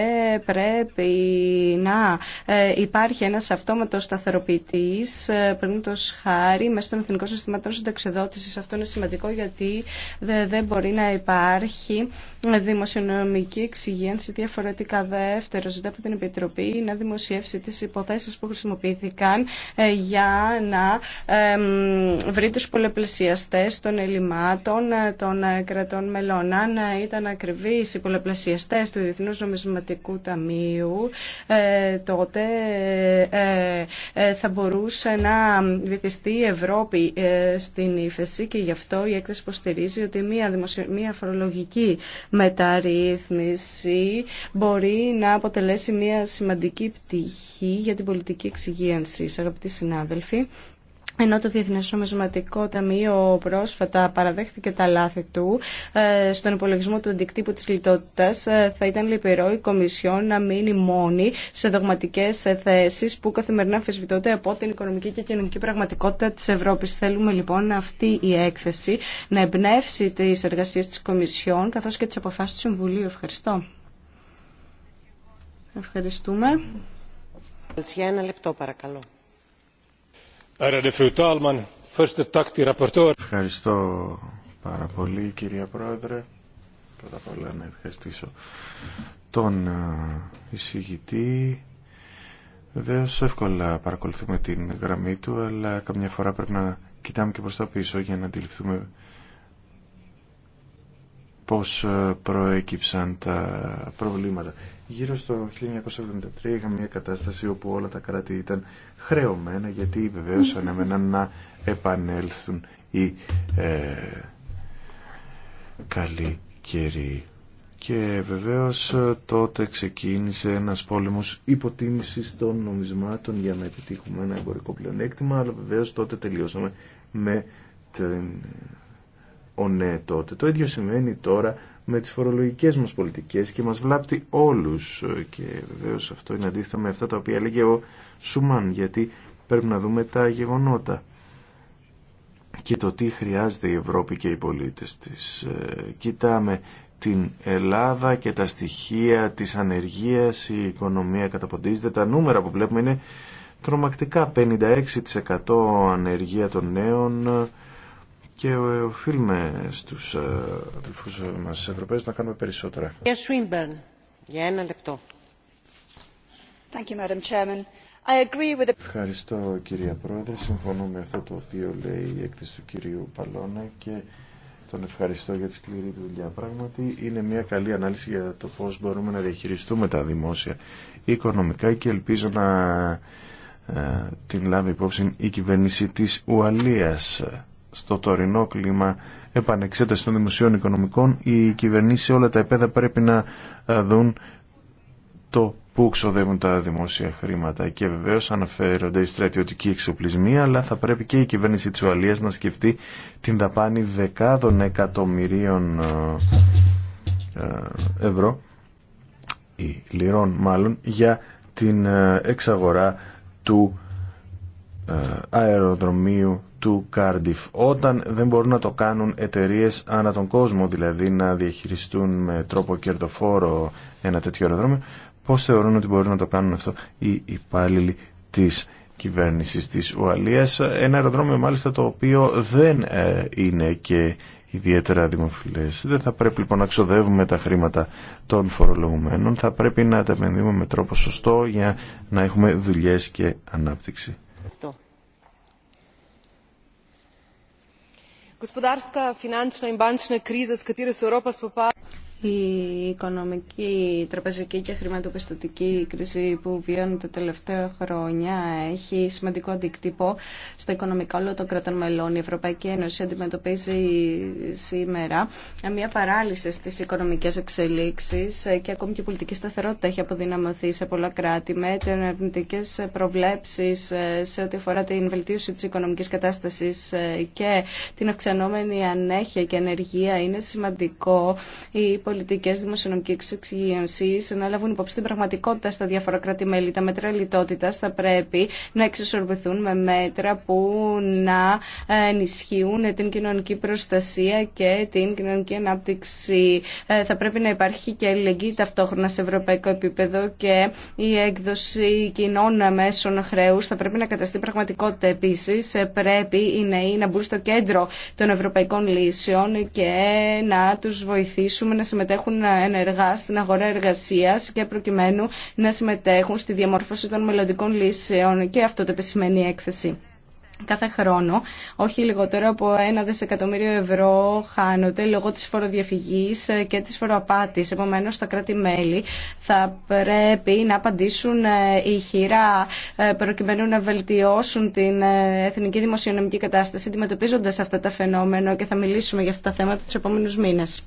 πρέπει να υπάρχει ένας αυτόματος σταθεροποιητής πριν το χάρη μέσα των εθνικών συστηματών συνταξιδότησης. Αυτό είναι σημαντικό γιατί δεν μπορεί να υπάρχει δημοσιονομική εξυγίανση διαφορετικά. Δεύτερο, ζητά από την Επιτροπή να δημοσιεύσει τις υποθέσεις που χρησιμοποιήθηκαν ε, για να βρει τους πολλαπλασιαστές των ελλημάτων ε, των ε, κρατών μελών. Αν ήταν ακριβείς οι πολλαπλασιαστές του Διεθνούς Νομισματικού Ταμείου, τότε θα μπορούσε να βυθιστεί η Ευρώπη στην ύφεση και γι' αυτό η έκθεση υποστηρίζει ότι μια, φορολογική με μεταρρύθμιση μπορεί να αποτελέσει μια σημαντική πτυχή για την πολιτική εξυγίανση. Αγαπητοί συνάδελφοι, ενώ το Διεθνές Νομισματικό Ταμείο πρόσφατα παραδέχθηκε τα λάθη του ε, στον υπολογισμό του αντικτύπου της λιτότητας, ε, θα ήταν λυπηρό η Κομισιόν να μείνει μόνη σε δογματικές ε, θέσεις που καθημερινά αμφισβητούνται από την οικονομική και κοινωνική πραγματικότητα της Ευρώπης. Θέλουμε λοιπόν αυτή η έκθεση να εμπνεύσει τις εργασίες της Κομισιόν καθώς και τις αποφάσεις του Συμβουλίου. Ευχαριστώ. Ευχαριστούμε. Ένα λεπτό παρακαλώ. Ευχαριστώ πάρα πολύ κυρία Πρόεδρε. Πρώτα απ' όλα να ευχαριστήσω τον ε, εισηγητή. Βεβαίω εύκολα παρακολουθούμε την γραμμή του, αλλά καμιά φορά πρέπει να κοιτάμε και προς τα πίσω για να αντιληφθούμε πώς ε, προέκυψαν τα προβλήματα. Γύρω στο 1973 είχαμε μια κατάσταση όπου όλα τα κράτη ήταν χρεωμένα γιατί βεβαίως ανέμεναν να επανέλθουν οι ε, καλοί καιροί. Και βεβαίως ε, τότε ξεκίνησε ένας πόλεμος υποτίμησης των νομισμάτων για να επιτύχουμε ένα εμπορικό πλεονέκτημα, αλλά βεβαίως τότε τελειώσαμε με την ναι, το ίδιο σημαίνει τώρα με τις φορολογικές μας πολιτικές και μας βλάπτει όλους και βεβαίως αυτό είναι αντίθετο με αυτά τα οποία έλεγε ο Σουμάν γιατί πρέπει να δούμε τα γεγονότα και το τι χρειάζεται η Ευρώπη και οι πολίτες της. Ε, κοιτάμε την Ελλάδα και τα στοιχεία της ανεργίας, η οικονομία καταποντίζεται, τα νούμερα που βλέπουμε είναι τρομακτικά, 56% ανεργία των νέων, και οφείλουμε στους ε, αδελφούς μας Ευρωπαίους να κάνουμε περισσότερα. Σουίμπερν, για ένα λεπτό. Ευχαριστώ κυρία Πρόεδρε. Συμφωνώ με αυτό το οποίο λέει η έκθεση του κυρίου Παλώνα και τον ευχαριστώ για τη σκληρή του δουλειά. Πράγματι είναι μια καλή ανάλυση για το πώ μπορούμε να διαχειριστούμε τα δημόσια οικονομικά και ελπίζω να ε, την λάβει υπόψη η κυβέρνηση της Ουαλίας στο τωρινό κλίμα επανεξέταση των δημοσίων οικονομικών, οι κυβερνήσει σε όλα τα επέδα πρέπει να ε, δουν το πού ξοδεύουν τα δημόσια χρήματα. Και βεβαίως αναφέρονται οι στρατιωτικοί εξοπλισμοί, αλλά θα πρέπει και η κυβέρνηση της Ουαλίας να σκεφτεί την δαπάνη δεκάδων εκατομμυρίων ε, ε, ευρώ ή λιρών μάλλον για την εξαγορά του αεροδρομίου του Κάρντιφ όταν δεν μπορούν να το κάνουν εταιρείε ανά τον κόσμο δηλαδή να διαχειριστούν με τρόπο κερδοφόρο ένα τέτοιο αεροδρόμιο πώ θεωρούν ότι μπορούν να το κάνουν αυτό οι υπάλληλοι τη κυβέρνηση τη Ουαλία. ένα αεροδρόμιο μάλιστα το οποίο δεν ε, είναι και ιδιαίτερα δημοφιλές. Δεν θα πρέπει λοιπόν να ξοδεύουμε τα χρήματα των φορολογουμένων, θα πρέπει να τα επενδύουμε με τρόπο σωστό για να έχουμε δουλειέ και ανάπτυξη. gospodarska finančna in bančna kriza s katero se evropa spopada. Η οικονομική, τραπεζική και χρηματοπιστωτική κρίση που βιώνει τα τελευταία χρόνια έχει σημαντικό αντίκτυπο στα οικονομικά όλων των κρατών μελών. Η Ευρωπαϊκή Ένωση αντιμετωπίζει σήμερα μια παράλυση στις οικονομικές εξελίξεις και ακόμη και η πολιτική σταθερότητα έχει αποδυναμωθεί σε πολλά κράτη με αρνητικέ προβλέψεις σε ό,τι αφορά την βελτίωση της οικονομικής κατάστασης και την αυξανόμενη ανέχεια και ανεργία. Είναι σημαντικό πολιτικέ δημοσιονομική εξυγίανση να λάβουν υπόψη την πραγματικότητα στα διάφορα κράτη-μέλη. Τα μέτρα λιτότητα θα πρέπει να εξισορροπηθούν με μέτρα που να ενισχύουν την κοινωνική προστασία και την κοινωνική ανάπτυξη. Ε, θα πρέπει να υπάρχει και αλληλεγγύη ταυτόχρονα σε ευρωπαϊκό επίπεδο και η έκδοση κοινών μέσων χρέου θα πρέπει να καταστεί πραγματικότητα. Επίση, ε, πρέπει οι νέοι να μπουν στο κέντρο των ευρωπαϊκών λύσεων και να του βοηθήσουμε να συμμετέχουν συμμετέχουν ενεργά στην αγορά εργασία και προκειμένου να συμμετέχουν στη διαμόρφωση των μελλοντικών λύσεων και αυτό το επισημαίνει η έκθεση. Κάθε χρόνο, όχι λιγότερο από ένα δισεκατομμύριο ευρώ χάνονται λόγω της φοροδιαφυγής και της φοροαπάτης. Επομένως, τα κράτη-μέλη θα πρέπει να απαντήσουν ε, ηχηρά ε, προκειμένου να βελτιώσουν την ε, εθνική δημοσιονομική κατάσταση αντιμετωπίζοντας αυτά τα φαινόμενα και θα μιλήσουμε για αυτά τα θέματα τους επόμενους μήνες.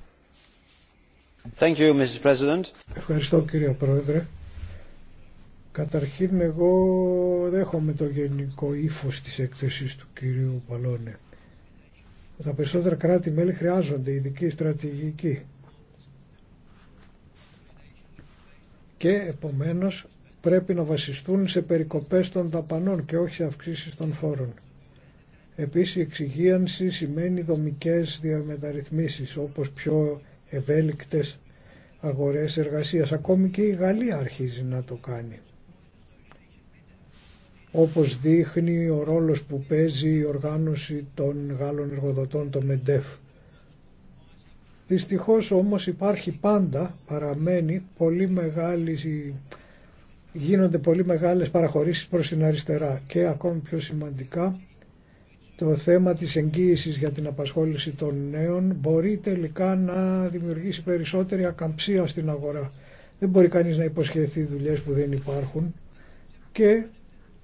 Ευχαριστώ κύριε Πρόεδρε. Καταρχήν εγώ δέχομαι το γενικό ύφο της έκθεσης του κυρίου Παλώνε. Τα περισσότερα κράτη-μέλη χρειάζονται ειδική στρατηγική. Και επομένως πρέπει να βασιστούν σε περικοπές των δαπανών και όχι σε αυξήσεις των φόρων. Επίσης η εξυγίανση σημαίνει δομικές διαμεταρρυθμίσεις όπως πιο ευέλικτες αγορές εργασίας. Ακόμη και η Γαλλία αρχίζει να το κάνει. Όπως δείχνει ο ρόλος που παίζει η οργάνωση των Γάλλων εργοδοτών, το ΜΕΝΤΕΦ. Δυστυχώς όμως υπάρχει πάντα, παραμένει, πολύ μεγάλη, γίνονται πολύ μεγάλες παραχωρήσεις προς την αριστερά και ακόμη πιο σημαντικά το θέμα της εγγύησης για την απασχόληση των νέων μπορεί τελικά να δημιουργήσει περισσότερη ακαμψία στην αγορά. Δεν μπορεί κανείς να υποσχεθεί δουλειές που δεν υπάρχουν και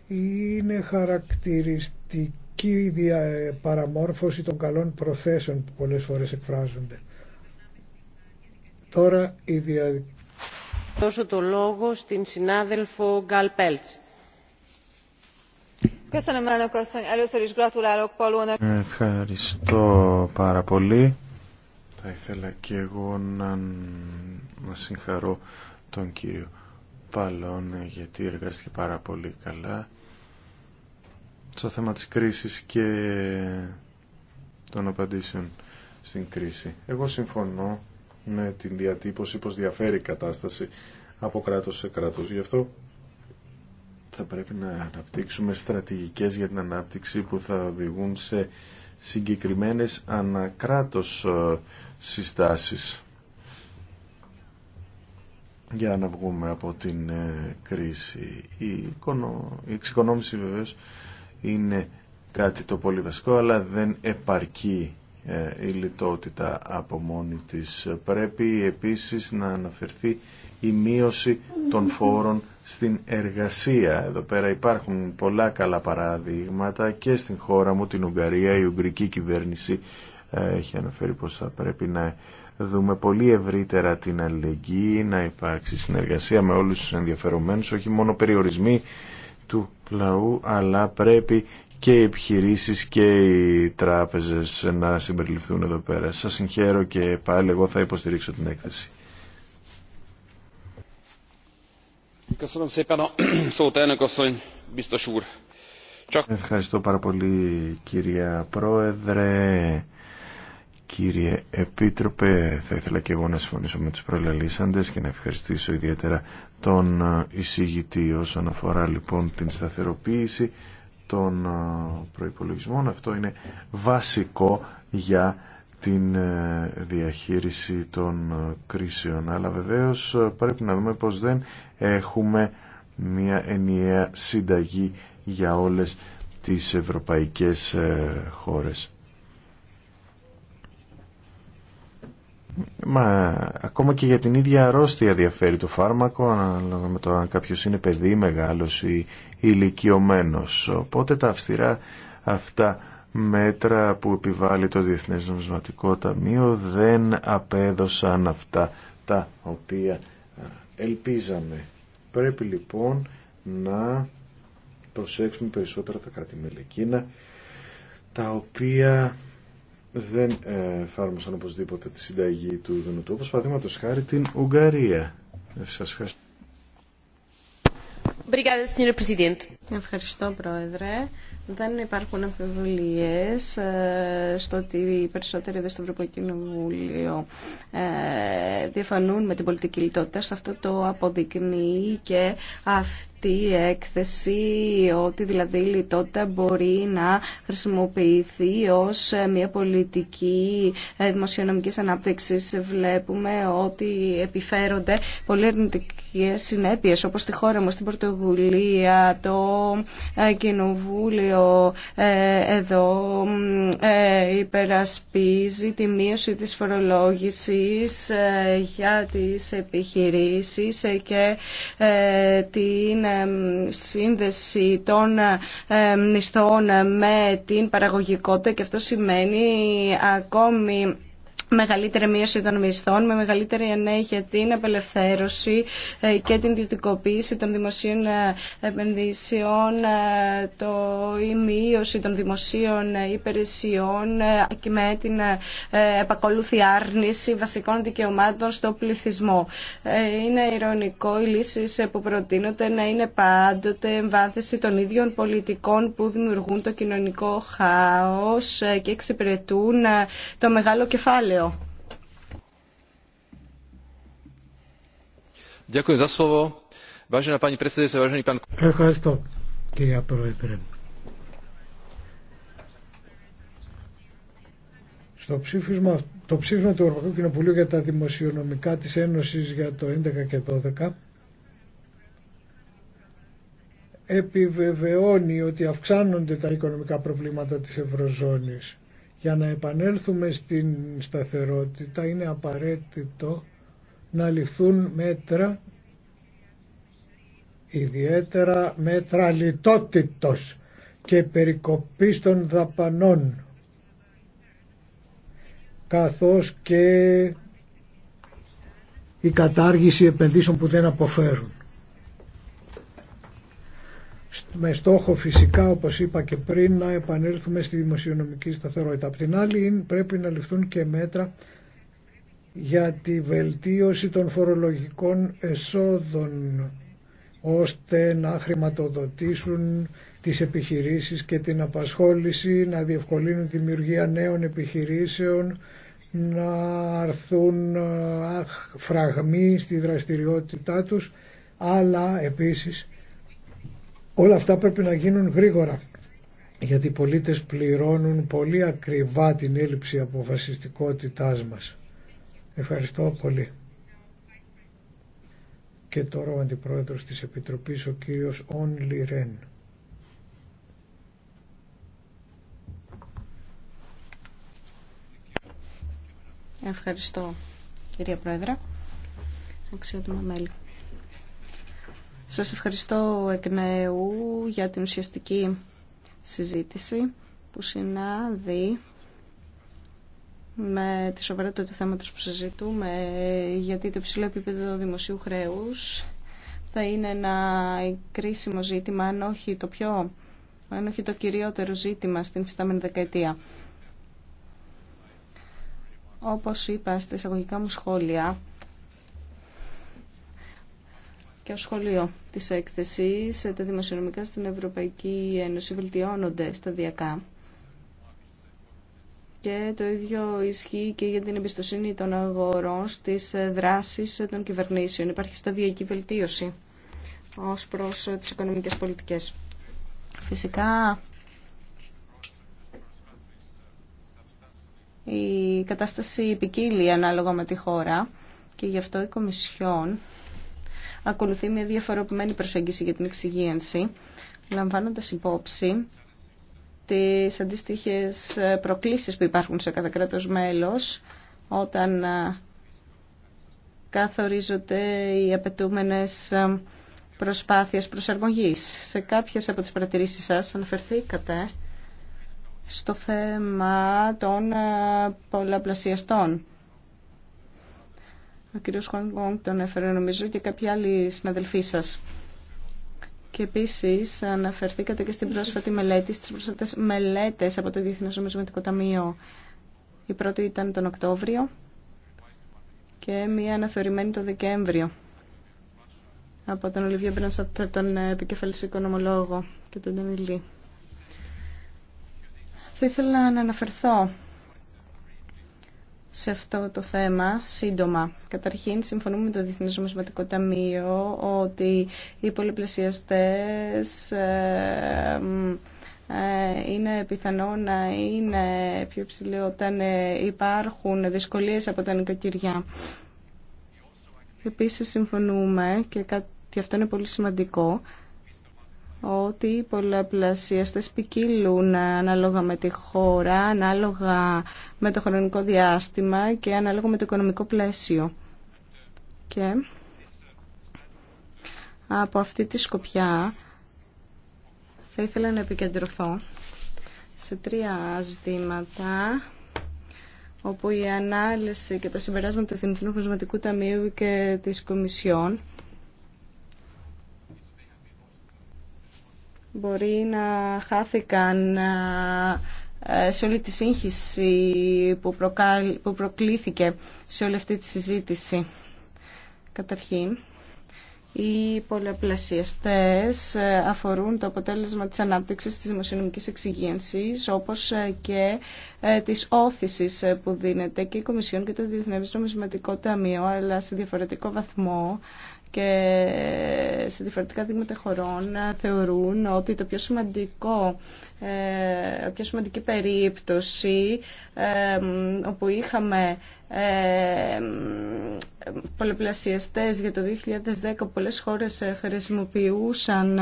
είναι χαρακτηριστική ε, παραμόρφωση των καλών προθέσεων που πολλές φορές εκφράζονται. Τώρα η δια... Δώσω το λόγο στην συνάδελφο Γκάλ Ευχαριστώ πάρα πολύ. Θα ήθελα και εγώ να, συγχαρώ τον κύριο Παλών γιατί εργάστηκε πάρα πολύ καλά στο θέμα της κρίσης και των απαντήσεων στην κρίση. Εγώ συμφωνώ με την διατύπωση πως διαφέρει η κατάσταση από κράτος σε κράτος. Γι' αυτό θα πρέπει να αναπτύξουμε στρατηγικές για την ανάπτυξη που θα οδηγούν σε συγκεκριμένες ανακράτος ε, συστάσεις για να βγούμε από την ε, κρίση. Η εξοικονόμηση βεβαίως είναι κάτι το πολύ βασικό αλλά δεν επαρκεί ε, η λιτότητα από μόνη της. Πρέπει επίσης να αναφερθεί η μείωση των φόρων στην εργασία. Εδώ πέρα υπάρχουν πολλά καλά παραδείγματα και στην χώρα μου, την Ουγγαρία, η Ουγγρική κυβέρνηση ε, έχει αναφέρει πως θα πρέπει να δούμε πολύ ευρύτερα την αλληλεγγύη, να υπάρξει συνεργασία με όλους τους ενδιαφερομένους, όχι μόνο περιορισμοί του λαού, αλλά πρέπει και οι επιχειρήσεις και οι τράπεζες να συμπεριληφθούν εδώ πέρα. Σας συγχαίρω και πάλι εγώ θα υποστηρίξω την έκθεση. Ευχαριστώ πάρα πολύ κυρία Πρόεδρε. Κύριε Επίτροπε, θα ήθελα και εγώ να συμφωνήσω με τους προλαλήσαντες και να ευχαριστήσω ιδιαίτερα τον εισηγητή όσον αφορά λοιπόν την σταθεροποίηση των ε, προϋπολογισμών. Αυτό είναι βασικό για την ε, διαχείριση των ε, κρίσεων. Αλλά βεβαίως πρέπει να δούμε πως δεν έχουμε μια ενιαία συνταγή για όλες τις ευρωπαϊκές χώρες. Μα ακόμα και για την ίδια αρρώστια διαφέρει το φάρμακο ανάλογα με το αν κάποιος είναι παιδί, μεγάλος ή ηλικιωμένος. Οπότε τα αυστηρά αυτά μέτρα που επιβάλλει το Διεθνές Νομισματικό Ταμείο δεν απέδωσαν αυτά τα οποία ελπίζαμε. Πρέπει λοιπόν να προσέξουμε περισσότερα τα κρατημέλη εκείνα τα οποία δεν εφάρμοσαν οπωσδήποτε τη συνταγή του Δουνουτού, όπως παραδείγματος χάρη την Ουγγαρία. ευχαριστώ. Ευχαριστώ, Πρόεδρε. Δεν υπάρχουν αμφιβολίες ε, στο ότι οι περισσότεροι εδώ στο Ευρωπαϊκό Κοινοβούλιο ε, διαφανούν με την πολιτική λιτότητα. Σε αυτό το αποδεικνύει και αυτή η έκθεση ότι δηλαδή η λιτότητα μπορεί να χρησιμοποιηθεί ως ε, μια πολιτική δημοσιονομικής ανάπτυξης. Βλέπουμε ότι επιφέρονται πολύ αρνητικές συνέπειες όπως στη χώρα μου, στην Πορτογουλία, το Κοινοβούλιο ε, εδώ ε, υπερασπίζει τη μείωση της φορολόγησης ε, για τις επιχειρήσεις και τη σύνδεση των μισθών με την παραγωγικότητα και αυτό σημαίνει ακόμη μεγαλύτερη μείωση των μισθών, με μεγαλύτερη ενέχεια την απελευθέρωση ε, και την ιδιωτικοποίηση των δημοσίων ε, επενδύσεων, ε, το, η μείωση των δημοσίων υπηρεσιών και με την επακολούθη άρνηση βασικών δικαιωμάτων στο πληθυσμό. Είναι ηρωνικό οι λύσει που προτείνονται να είναι πάντοτε εμβάθυνση των ίδιων πολιτικών που δημιουργούν το κοινωνικό χάος και εξυπηρετούν το μεγάλο κεφάλαιο Ευχαριστώ Πρόεδρε. το ψήφισμα του Ευρωπαϊκού Κοινοβουλίου για τα δημοσιονομικά της Ένωσης για το 2011 και 12 επιβεβαιώνει ότι αυξάνονται τα οικονομικά προβλήματα της Ευρωζώνης. Για να επανέλθουμε στην σταθερότητα είναι απαραίτητο να ληφθούν μέτρα, ιδιαίτερα μέτρα λιτότητος και περικοπής των δαπανών, καθώς και η κατάργηση επενδύσεων που δεν αποφέρουν. Με στόχο φυσικά, όπως είπα και πριν, να επανέλθουμε στη δημοσιονομική σταθερότητα. Απ' την άλλη πρέπει να ληφθούν και μέτρα για τη βελτίωση των φορολογικών εσόδων ώστε να χρηματοδοτήσουν τις επιχειρήσεις και την απασχόληση, να διευκολύνουν τη δημιουργία νέων επιχειρήσεων, να αρθούν φραγμοί στη δραστηριότητά τους, αλλά επίσης όλα αυτά πρέπει να γίνουν γρήγορα γιατί οι πολίτες πληρώνουν πολύ ακριβά την έλλειψη αποφασιστικότητάς μας. Ευχαριστώ πολύ. Και τώρα ο Αντιπρόεδρος της Επιτροπής, ο κύριος Ον Λιρέν. Ευχαριστώ, κυρία Πρόεδρε. Αξιότιμα μέλη. Σας ευχαριστώ εκ νέου για την ουσιαστική συζήτηση που συνάδει με τη σοβαρότητα του θέματος που συζητούμε, γιατί το υψηλό επίπεδο δημοσίου χρέους θα είναι ένα κρίσιμο ζήτημα, αν όχι το πιο, αν όχι το κυριότερο ζήτημα στην φυστάμενη δεκαετία. Όπως είπα στα εισαγωγικά μου σχόλια, και ως σχολείο της έκθεσης, τα δημοσιονομικά στην Ευρωπαϊκή Ένωση βελτιώνονται σταδιακά. Και το ίδιο ισχύει και για την εμπιστοσύνη των αγορών στις δράσεις των κυβερνήσεων. Υπάρχει σταδιακή βελτίωση ως προς τις οικονομικές πολιτικές. Φυσικά, η κατάσταση ποικίλει ανάλογα με τη χώρα και γι' αυτό η Κομισιόν ακολουθεί μια διαφοροποιημένη προσέγγιση για την εξυγίανση, λαμβάνοντας υπόψη τις αντίστοιχες ε, προκλήσεις που υπάρχουν σε κάθε κράτος μέλος όταν ε, καθορίζονται οι απαιτούμενες ε, προσπάθειες προσαρμογής. Σε κάποιες από τις παρατηρήσεις σας αναφερθήκατε στο θέμα των πολλαπλασιαστών. Ο κ. Χονγκ τον έφερε νομίζω και κάποιοι άλλοι συναδελφοί σας. Και επίση αναφερθήκατε και στην πρόσφατη μελέτη, στις πρόσφατες μελέτες από το Διεθνές Νομισματικό Ταμείο. Η πρώτη ήταν τον Οκτώβριο και μία αναθεωρημένη τον Δεκέμβριο από τον Ολιβιέ Μπρανσόπτα, τον επικεφαλή οικονομολόγο και τον Τανιλή. Θα ήθελα να αναφερθώ σε αυτό το θέμα σύντομα. Καταρχήν, συμφωνούμε με το Διεθνές Ταμείο ότι οι πολυπλασιαστές ε, ε, είναι πιθανό να είναι πιο ψηλοί όταν ε, υπάρχουν δυσκολίες από τα νοικοκυριά. Επίσης συμφωνούμε και κάτι αυτό είναι πολύ σημαντικό ότι οι πολλαπλασιαστές ποικίλουν ανάλογα με τη χώρα, ανάλογα με το χρονικό διάστημα και ανάλογα με το οικονομικό πλαίσιο. Και από αυτή τη σκοπιά θα ήθελα να επικεντρωθώ σε τρία ζητήματα όπου η ανάλυση και τα συμπεράσματα του Εθνικού Χρησματικού Ταμείου και της Κομισιόν μπορεί να χάθηκαν ε, σε όλη τη σύγχυση που, προκάλ, που προκλήθηκε σε όλη αυτή τη συζήτηση. Καταρχήν, οι πολλαπλασιαστές ε, αφορούν το αποτέλεσμα της ανάπτυξης της δημοσιονομικής εξυγένσης όπως ε, και της όθησης που δίνεται και η Κομισιόν και το Διεθνές Νομισματικό Ταμείο αλλά σε διαφορετικό βαθμό και σε διαφορετικά δείγματα χωρών θεωρούν ότι το πιο σημαντικό ε, πιο σημαντική περίπτωση ε, όπου είχαμε ε, πολλαπλασιαστές για το 2010 πολλές χώρες ε, χρησιμοποιούσαν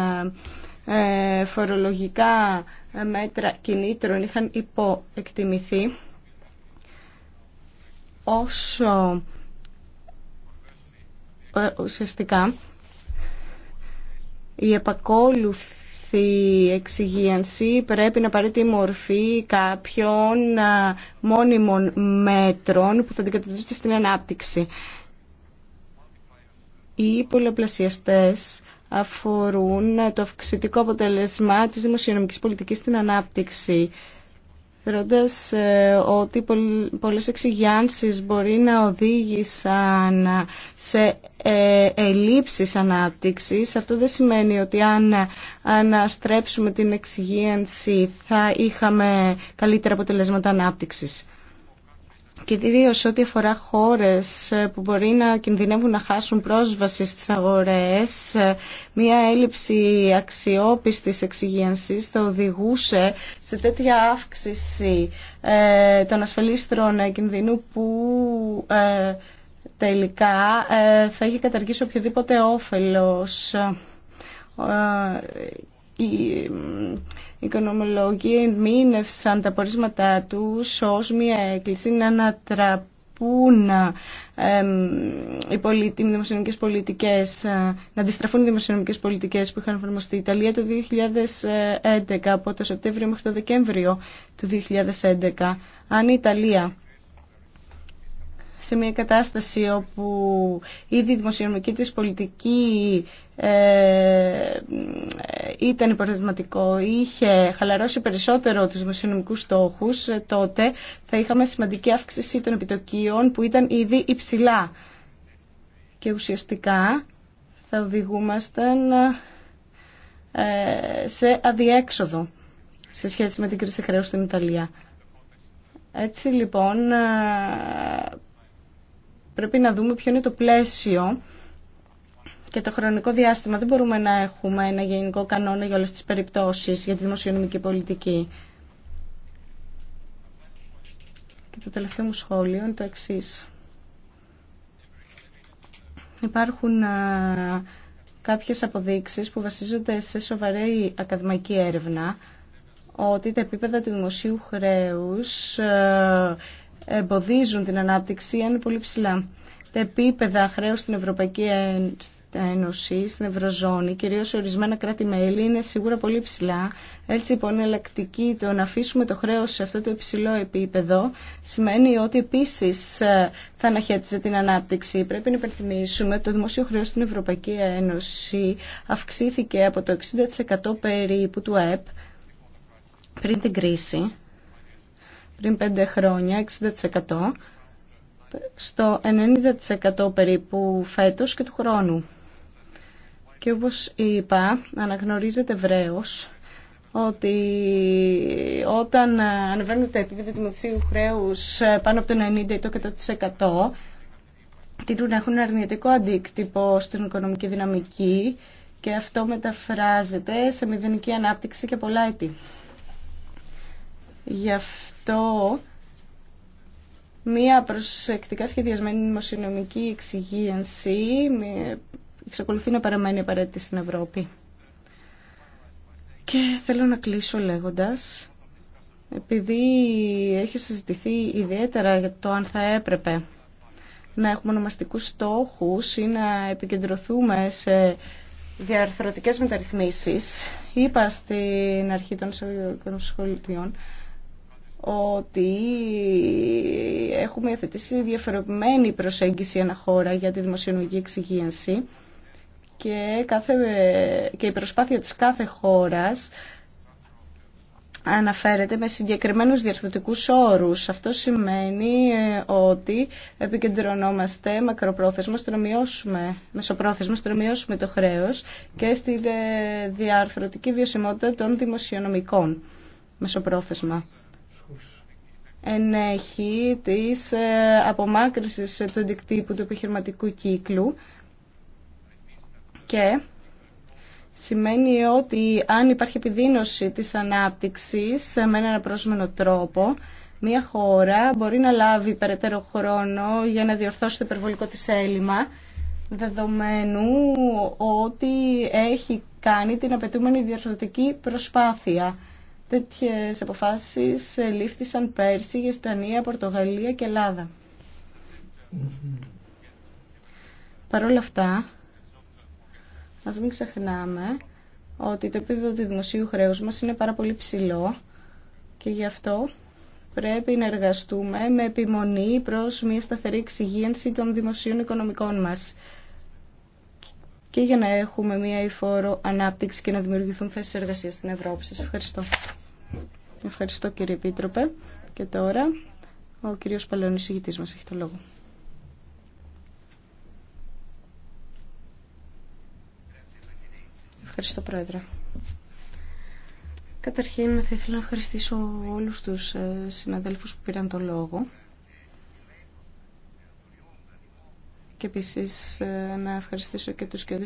ε, φορολογικά ε, μέτρα κινήτρων είχαν υποεκτιμηθεί όσο ουσιαστικά η επακόλουθη εξυγίανση πρέπει να πάρει τη μορφή κάποιων μόνιμων μέτρων που θα αντικατοπτρίζονται στην ανάπτυξη. Οι πολλαπλασιαστές αφορούν ε, το αυξητικό αποτέλεσμα της δημοσιονομικής πολιτικής στην ανάπτυξη θεωρώντας ε, ότι πολλές εξηγιάνσεις μπορεί να οδήγησαν σε ε, ελλείψεις ανάπτυξης. Αυτό δεν σημαίνει ότι αν αναστρέψουμε την εξυγίανση θα είχαμε καλύτερα αποτελέσματα ανάπτυξης. Και κυρίω ό,τι αφορά χώρε που μπορεί να κινδυνεύουν να χάσουν πρόσβαση στι αγορέ, μια έλλειψη αξιόπιστη εξυγίανση θα οδηγούσε σε τέτοια αύξηση ε, των ασφαλίστρων κινδυνού που ε, τελικά ε, θα έχει καταργήσει οποιοδήποτε όφελος. Ε, ε, οι οικονομολόγοι ερμήνευσαν τα πορίσματά τους ως μια έκκληση να ανατραπούν να οι, οι δημοσιονομικές πολιτικές, να αντιστραφούν οι δημοσιονομικές πολιτικές που είχαν εφαρμοστεί η Ιταλία το 2011, από το Σεπτέμβριο μέχρι το Δεκέμβριο του 2011. Αν η Ιταλία σε μια κατάσταση όπου ήδη η δημοσιονομική της πολιτική ε, ε ήταν υπορρευματικό, είχε χαλαρώσει περισσότερο τους δημοσιονομικούς στόχους, ε, τότε θα είχαμε σημαντική αύξηση των επιτοκίων που ήταν ήδη υψηλά. Και ουσιαστικά θα οδηγούμασταν ε, σε αδιέξοδο σε σχέση με την κρίση χρέους στην Ιταλία. Έτσι λοιπόν Πρέπει να δούμε ποιο είναι το πλαίσιο και το χρονικό διάστημα. Δεν μπορούμε να έχουμε ένα γενικό κανόνα για όλες τις περιπτώσεις για τη δημοσιονομική πολιτική. Και το τελευταίο μου σχόλιο είναι το εξής. Υπάρχουν κάποιες αποδείξεις που βασίζονται σε σοβαρή ακαδημαϊκή έρευνα ότι τα επίπεδα του δημοσίου χρέους εμποδίζουν την ανάπτυξη είναι πολύ ψηλά. Τα επίπεδα χρέου στην Ευρωπαϊκή Ένωση, στην Ευρωζώνη, κυρίως σε ορισμένα κράτη-μέλη, είναι σίγουρα πολύ ψηλά. Έτσι, λοιπόν, είναι το να αφήσουμε το χρέος σε αυτό το υψηλό επίπεδο σημαίνει ότι επίση ε, θα αναχέτιζε την ανάπτυξη. Πρέπει να υπενθυμίσουμε ότι το δημόσιο χρέο στην Ευρωπαϊκή Ένωση αυξήθηκε από το 60% περίπου του ΑΕΠ πριν την κρίση πριν 5 χρόνια 60% στο 90% περίπου φέτος και του χρόνου. Και όπως είπα, αναγνωρίζεται βρέως ότι όταν ανεβαίνουν τα επίπεδα δημοσίου χρέους πάνω από το 90% ή το 100% να έχουν αρνητικό αντίκτυπο στην οικονομική δυναμική και αυτό μεταφράζεται σε μηδενική ανάπτυξη και πολλά έτη. Γι' αυτό αυτό μία προσεκτικά σχεδιασμένη δημοσιονομική εξυγίανση εξακολουθεί να παραμένει απαραίτητη στην Ευρώπη. Και θέλω να κλείσω λέγοντας, επειδή έχει συζητηθεί ιδιαίτερα για το αν θα έπρεπε να έχουμε ονομαστικούς στόχους ή να επικεντρωθούμε σε διαρθρωτικές μεταρρυθμίσεις, είπα στην αρχή των σχολείων ότι έχουμε υιοθετήσει διαφορετική προσέγγιση χώρα για τη δημοσιονομική εξυγίανση και, κάθε, και η προσπάθεια της κάθε χώρας αναφέρεται με συγκεκριμένους διαρθρωτικούς όρους. Αυτό σημαίνει ε, ότι επικεντρωνόμαστε μακροπρόθεσμα στο να μεσοπρόθεσμα στο να μειώσουμε το χρέος και στη ε, διαρθρωτική βιωσιμότητα των δημοσιονομικών μεσοπρόθεσμα ενέχει της ε, απομάκρυσης του αντικτύπου του επιχειρηματικού κύκλου και σημαίνει ότι αν υπάρχει επιδείνωση της ανάπτυξης με έναν απρόσμενο τρόπο, μια χώρα μπορεί να λάβει περαιτέρω χρόνο για να διορθώσει το υπερβολικό της έλλειμμα, δεδομένου ότι έχει κάνει την απαιτούμενη διορθωτική προσπάθεια. Τέτοιε αποφάσει λήφθησαν πέρσι για Ισπανία, Πορτογαλία και Ελλάδα. Παρ' όλα αυτά, ας μην ξεχνάμε ότι το επίπεδο του δημοσίου χρέους μας είναι πάρα πολύ ψηλό και γι' αυτό πρέπει να εργαστούμε με επιμονή προς μια σταθερή εξυγίανση των δημοσίων οικονομικών μας και για να έχουμε μια υφόρο ανάπτυξη και να δημιουργηθούν θέσει εργασία στην Ευρώπη. σα. ευχαριστώ. Ευχαριστώ κύριε Επίτροπε. Και τώρα ο κύριος Παλαιώνης, ηγητής μας, έχει το λόγο. Ευχαριστώ Πρόεδρε. Καταρχήν θα ήθελα να ευχαριστήσω όλους τους ε, συναδέλφους που πήραν το λόγο Και επίση ε, να ευχαριστήσω και του και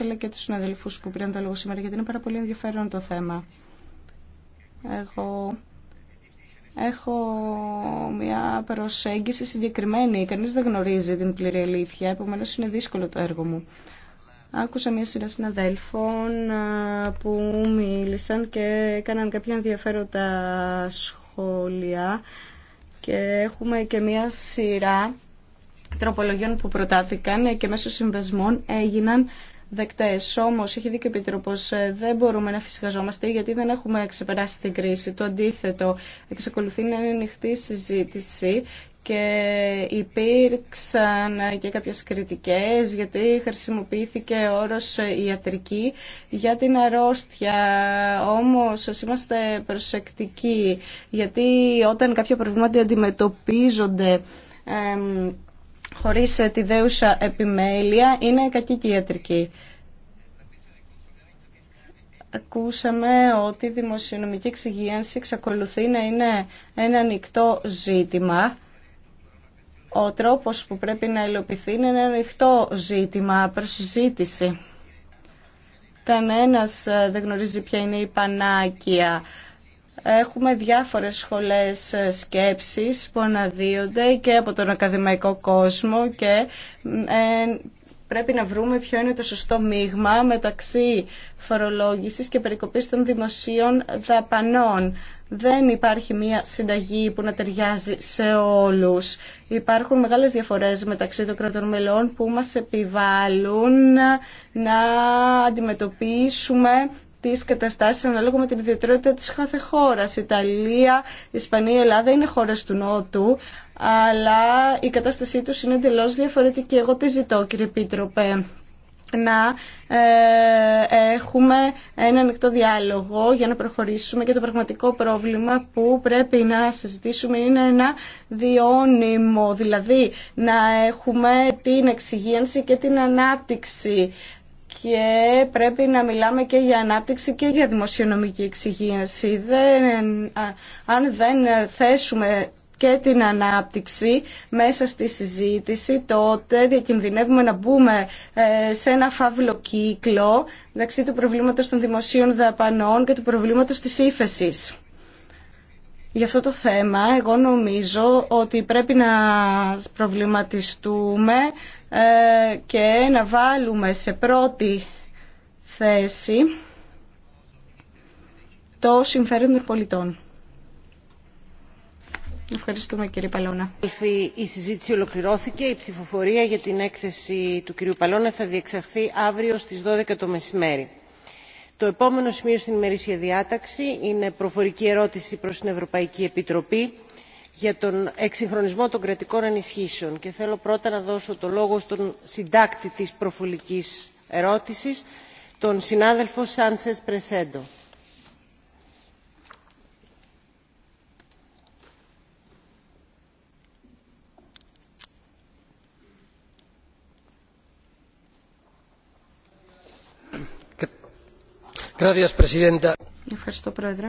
αλλά και του συναδέλφου που πήραν το λόγο σήμερα, γιατί είναι πάρα πολύ ενδιαφέρον το θέμα. Εγώ έχω μια προσέγγιση συγκεκριμένη. Κανείς δεν γνωρίζει την πλήρη αλήθεια, επομένως είναι δύσκολο το έργο μου. Άκουσα μια σειρά συναδέλφων ε, που μίλησαν και έκαναν κάποια ενδιαφέροντα σχόλια και έχουμε και μια σειρά τροπολογιών που προτάθηκαν ε, και μέσω συμβεσμών έγιναν δεκτέ. όμως έχει δίκιο ο ε, δεν μπορούμε να φυσικαζόμαστε γιατί δεν έχουμε ξεπεράσει την κρίση. Το αντίθετο, εξακολουθεί να είναι ανοιχτή συζήτηση και υπήρξαν ε, και κάποιες κριτικές γιατί χρησιμοποιήθηκε όρος ιατρική για την αρρώστια. Όμως ας είμαστε προσεκτικοί γιατί όταν κάποια προβλήματα αντιμετωπίζονται χωρίς τη δέουσα επιμέλεια είναι κακή και ιατρική. Ακούσαμε ότι η δημοσιονομική εξυγίανση εξακολουθεί να είναι ένα ανοιχτό ζήτημα. Ο τρόπος που πρέπει να υλοποιηθεί είναι ένα ανοιχτό ζήτημα προς συζήτηση. Κανένας ε, δεν γνωρίζει ποια είναι η πανάκια έχουμε διάφορες σχολές ε, σκέψης που αναδύονται και από τον ακαδημαϊκό κόσμο και ε, πρέπει να βρούμε ποιο είναι το σωστό μείγμα μεταξύ φορολόγησης και περικοπής των δημοσίων δαπανών. Δεν υπάρχει μία συνταγή που να ταιριάζει σε όλους. Υπάρχουν μεγάλες διαφορές μεταξύ των κρατών μελών που μας επιβάλλουν να αντιμετωπίσουμε τι καταστάσει ανάλογα με την ιδιαιτερότητα τη κάθε χώρας. Ιταλία, Ισπανία, Ελλάδα είναι χώρε του Νότου, αλλά η κατάστασή τους είναι εντελώ διαφορετική. Εγώ τι ζητώ κύριε Επίτροπε να ε, έχουμε ένα ανοιχτό διάλογο για να προχωρήσουμε και το πραγματικό πρόβλημα που πρέπει να συζητήσουμε είναι ένα διώνυμο, δηλαδή να έχουμε την εξυγίανση και την ανάπτυξη και πρέπει να μιλάμε και για ανάπτυξη και για δημοσιονομική εξυγίανση. Δεν, αν δεν θέσουμε και την ανάπτυξη μέσα στη συζήτηση, τότε διακινδυνεύουμε να μπούμε ε, σε ένα φαύλο κύκλο μεταξύ του προβλήματος των δημοσίων δαπανών και του προβλήματος της ύφεσης για αυτό το θέμα, εγώ νομίζω ότι πρέπει να προβληματιστούμε ε, και να βάλουμε σε πρώτη θέση το συμφέρον των πολιτών. Ευχαριστούμε κύριε Παλώνα. Η συζήτηση ολοκληρώθηκε. Η ψηφοφορία για την έκθεση του κυρίου Παλώνα θα διεξαχθεί αύριο στις 12 το μεσημέρι. Το επόμενο σημείο στην ημερήσια διάταξη είναι προφορική ερώτηση προς την Ευρωπαϊκή Επιτροπή για τον εξυγχρονισμό των κρατικών ενισχύσεων. Και θέλω πρώτα να δώσω το λόγο στον συντάκτη της προφορικής ερώτησης, τον συνάδελφο Σάντσες Πρεσέντο. Ευχαριστώ, Πρόεδρε.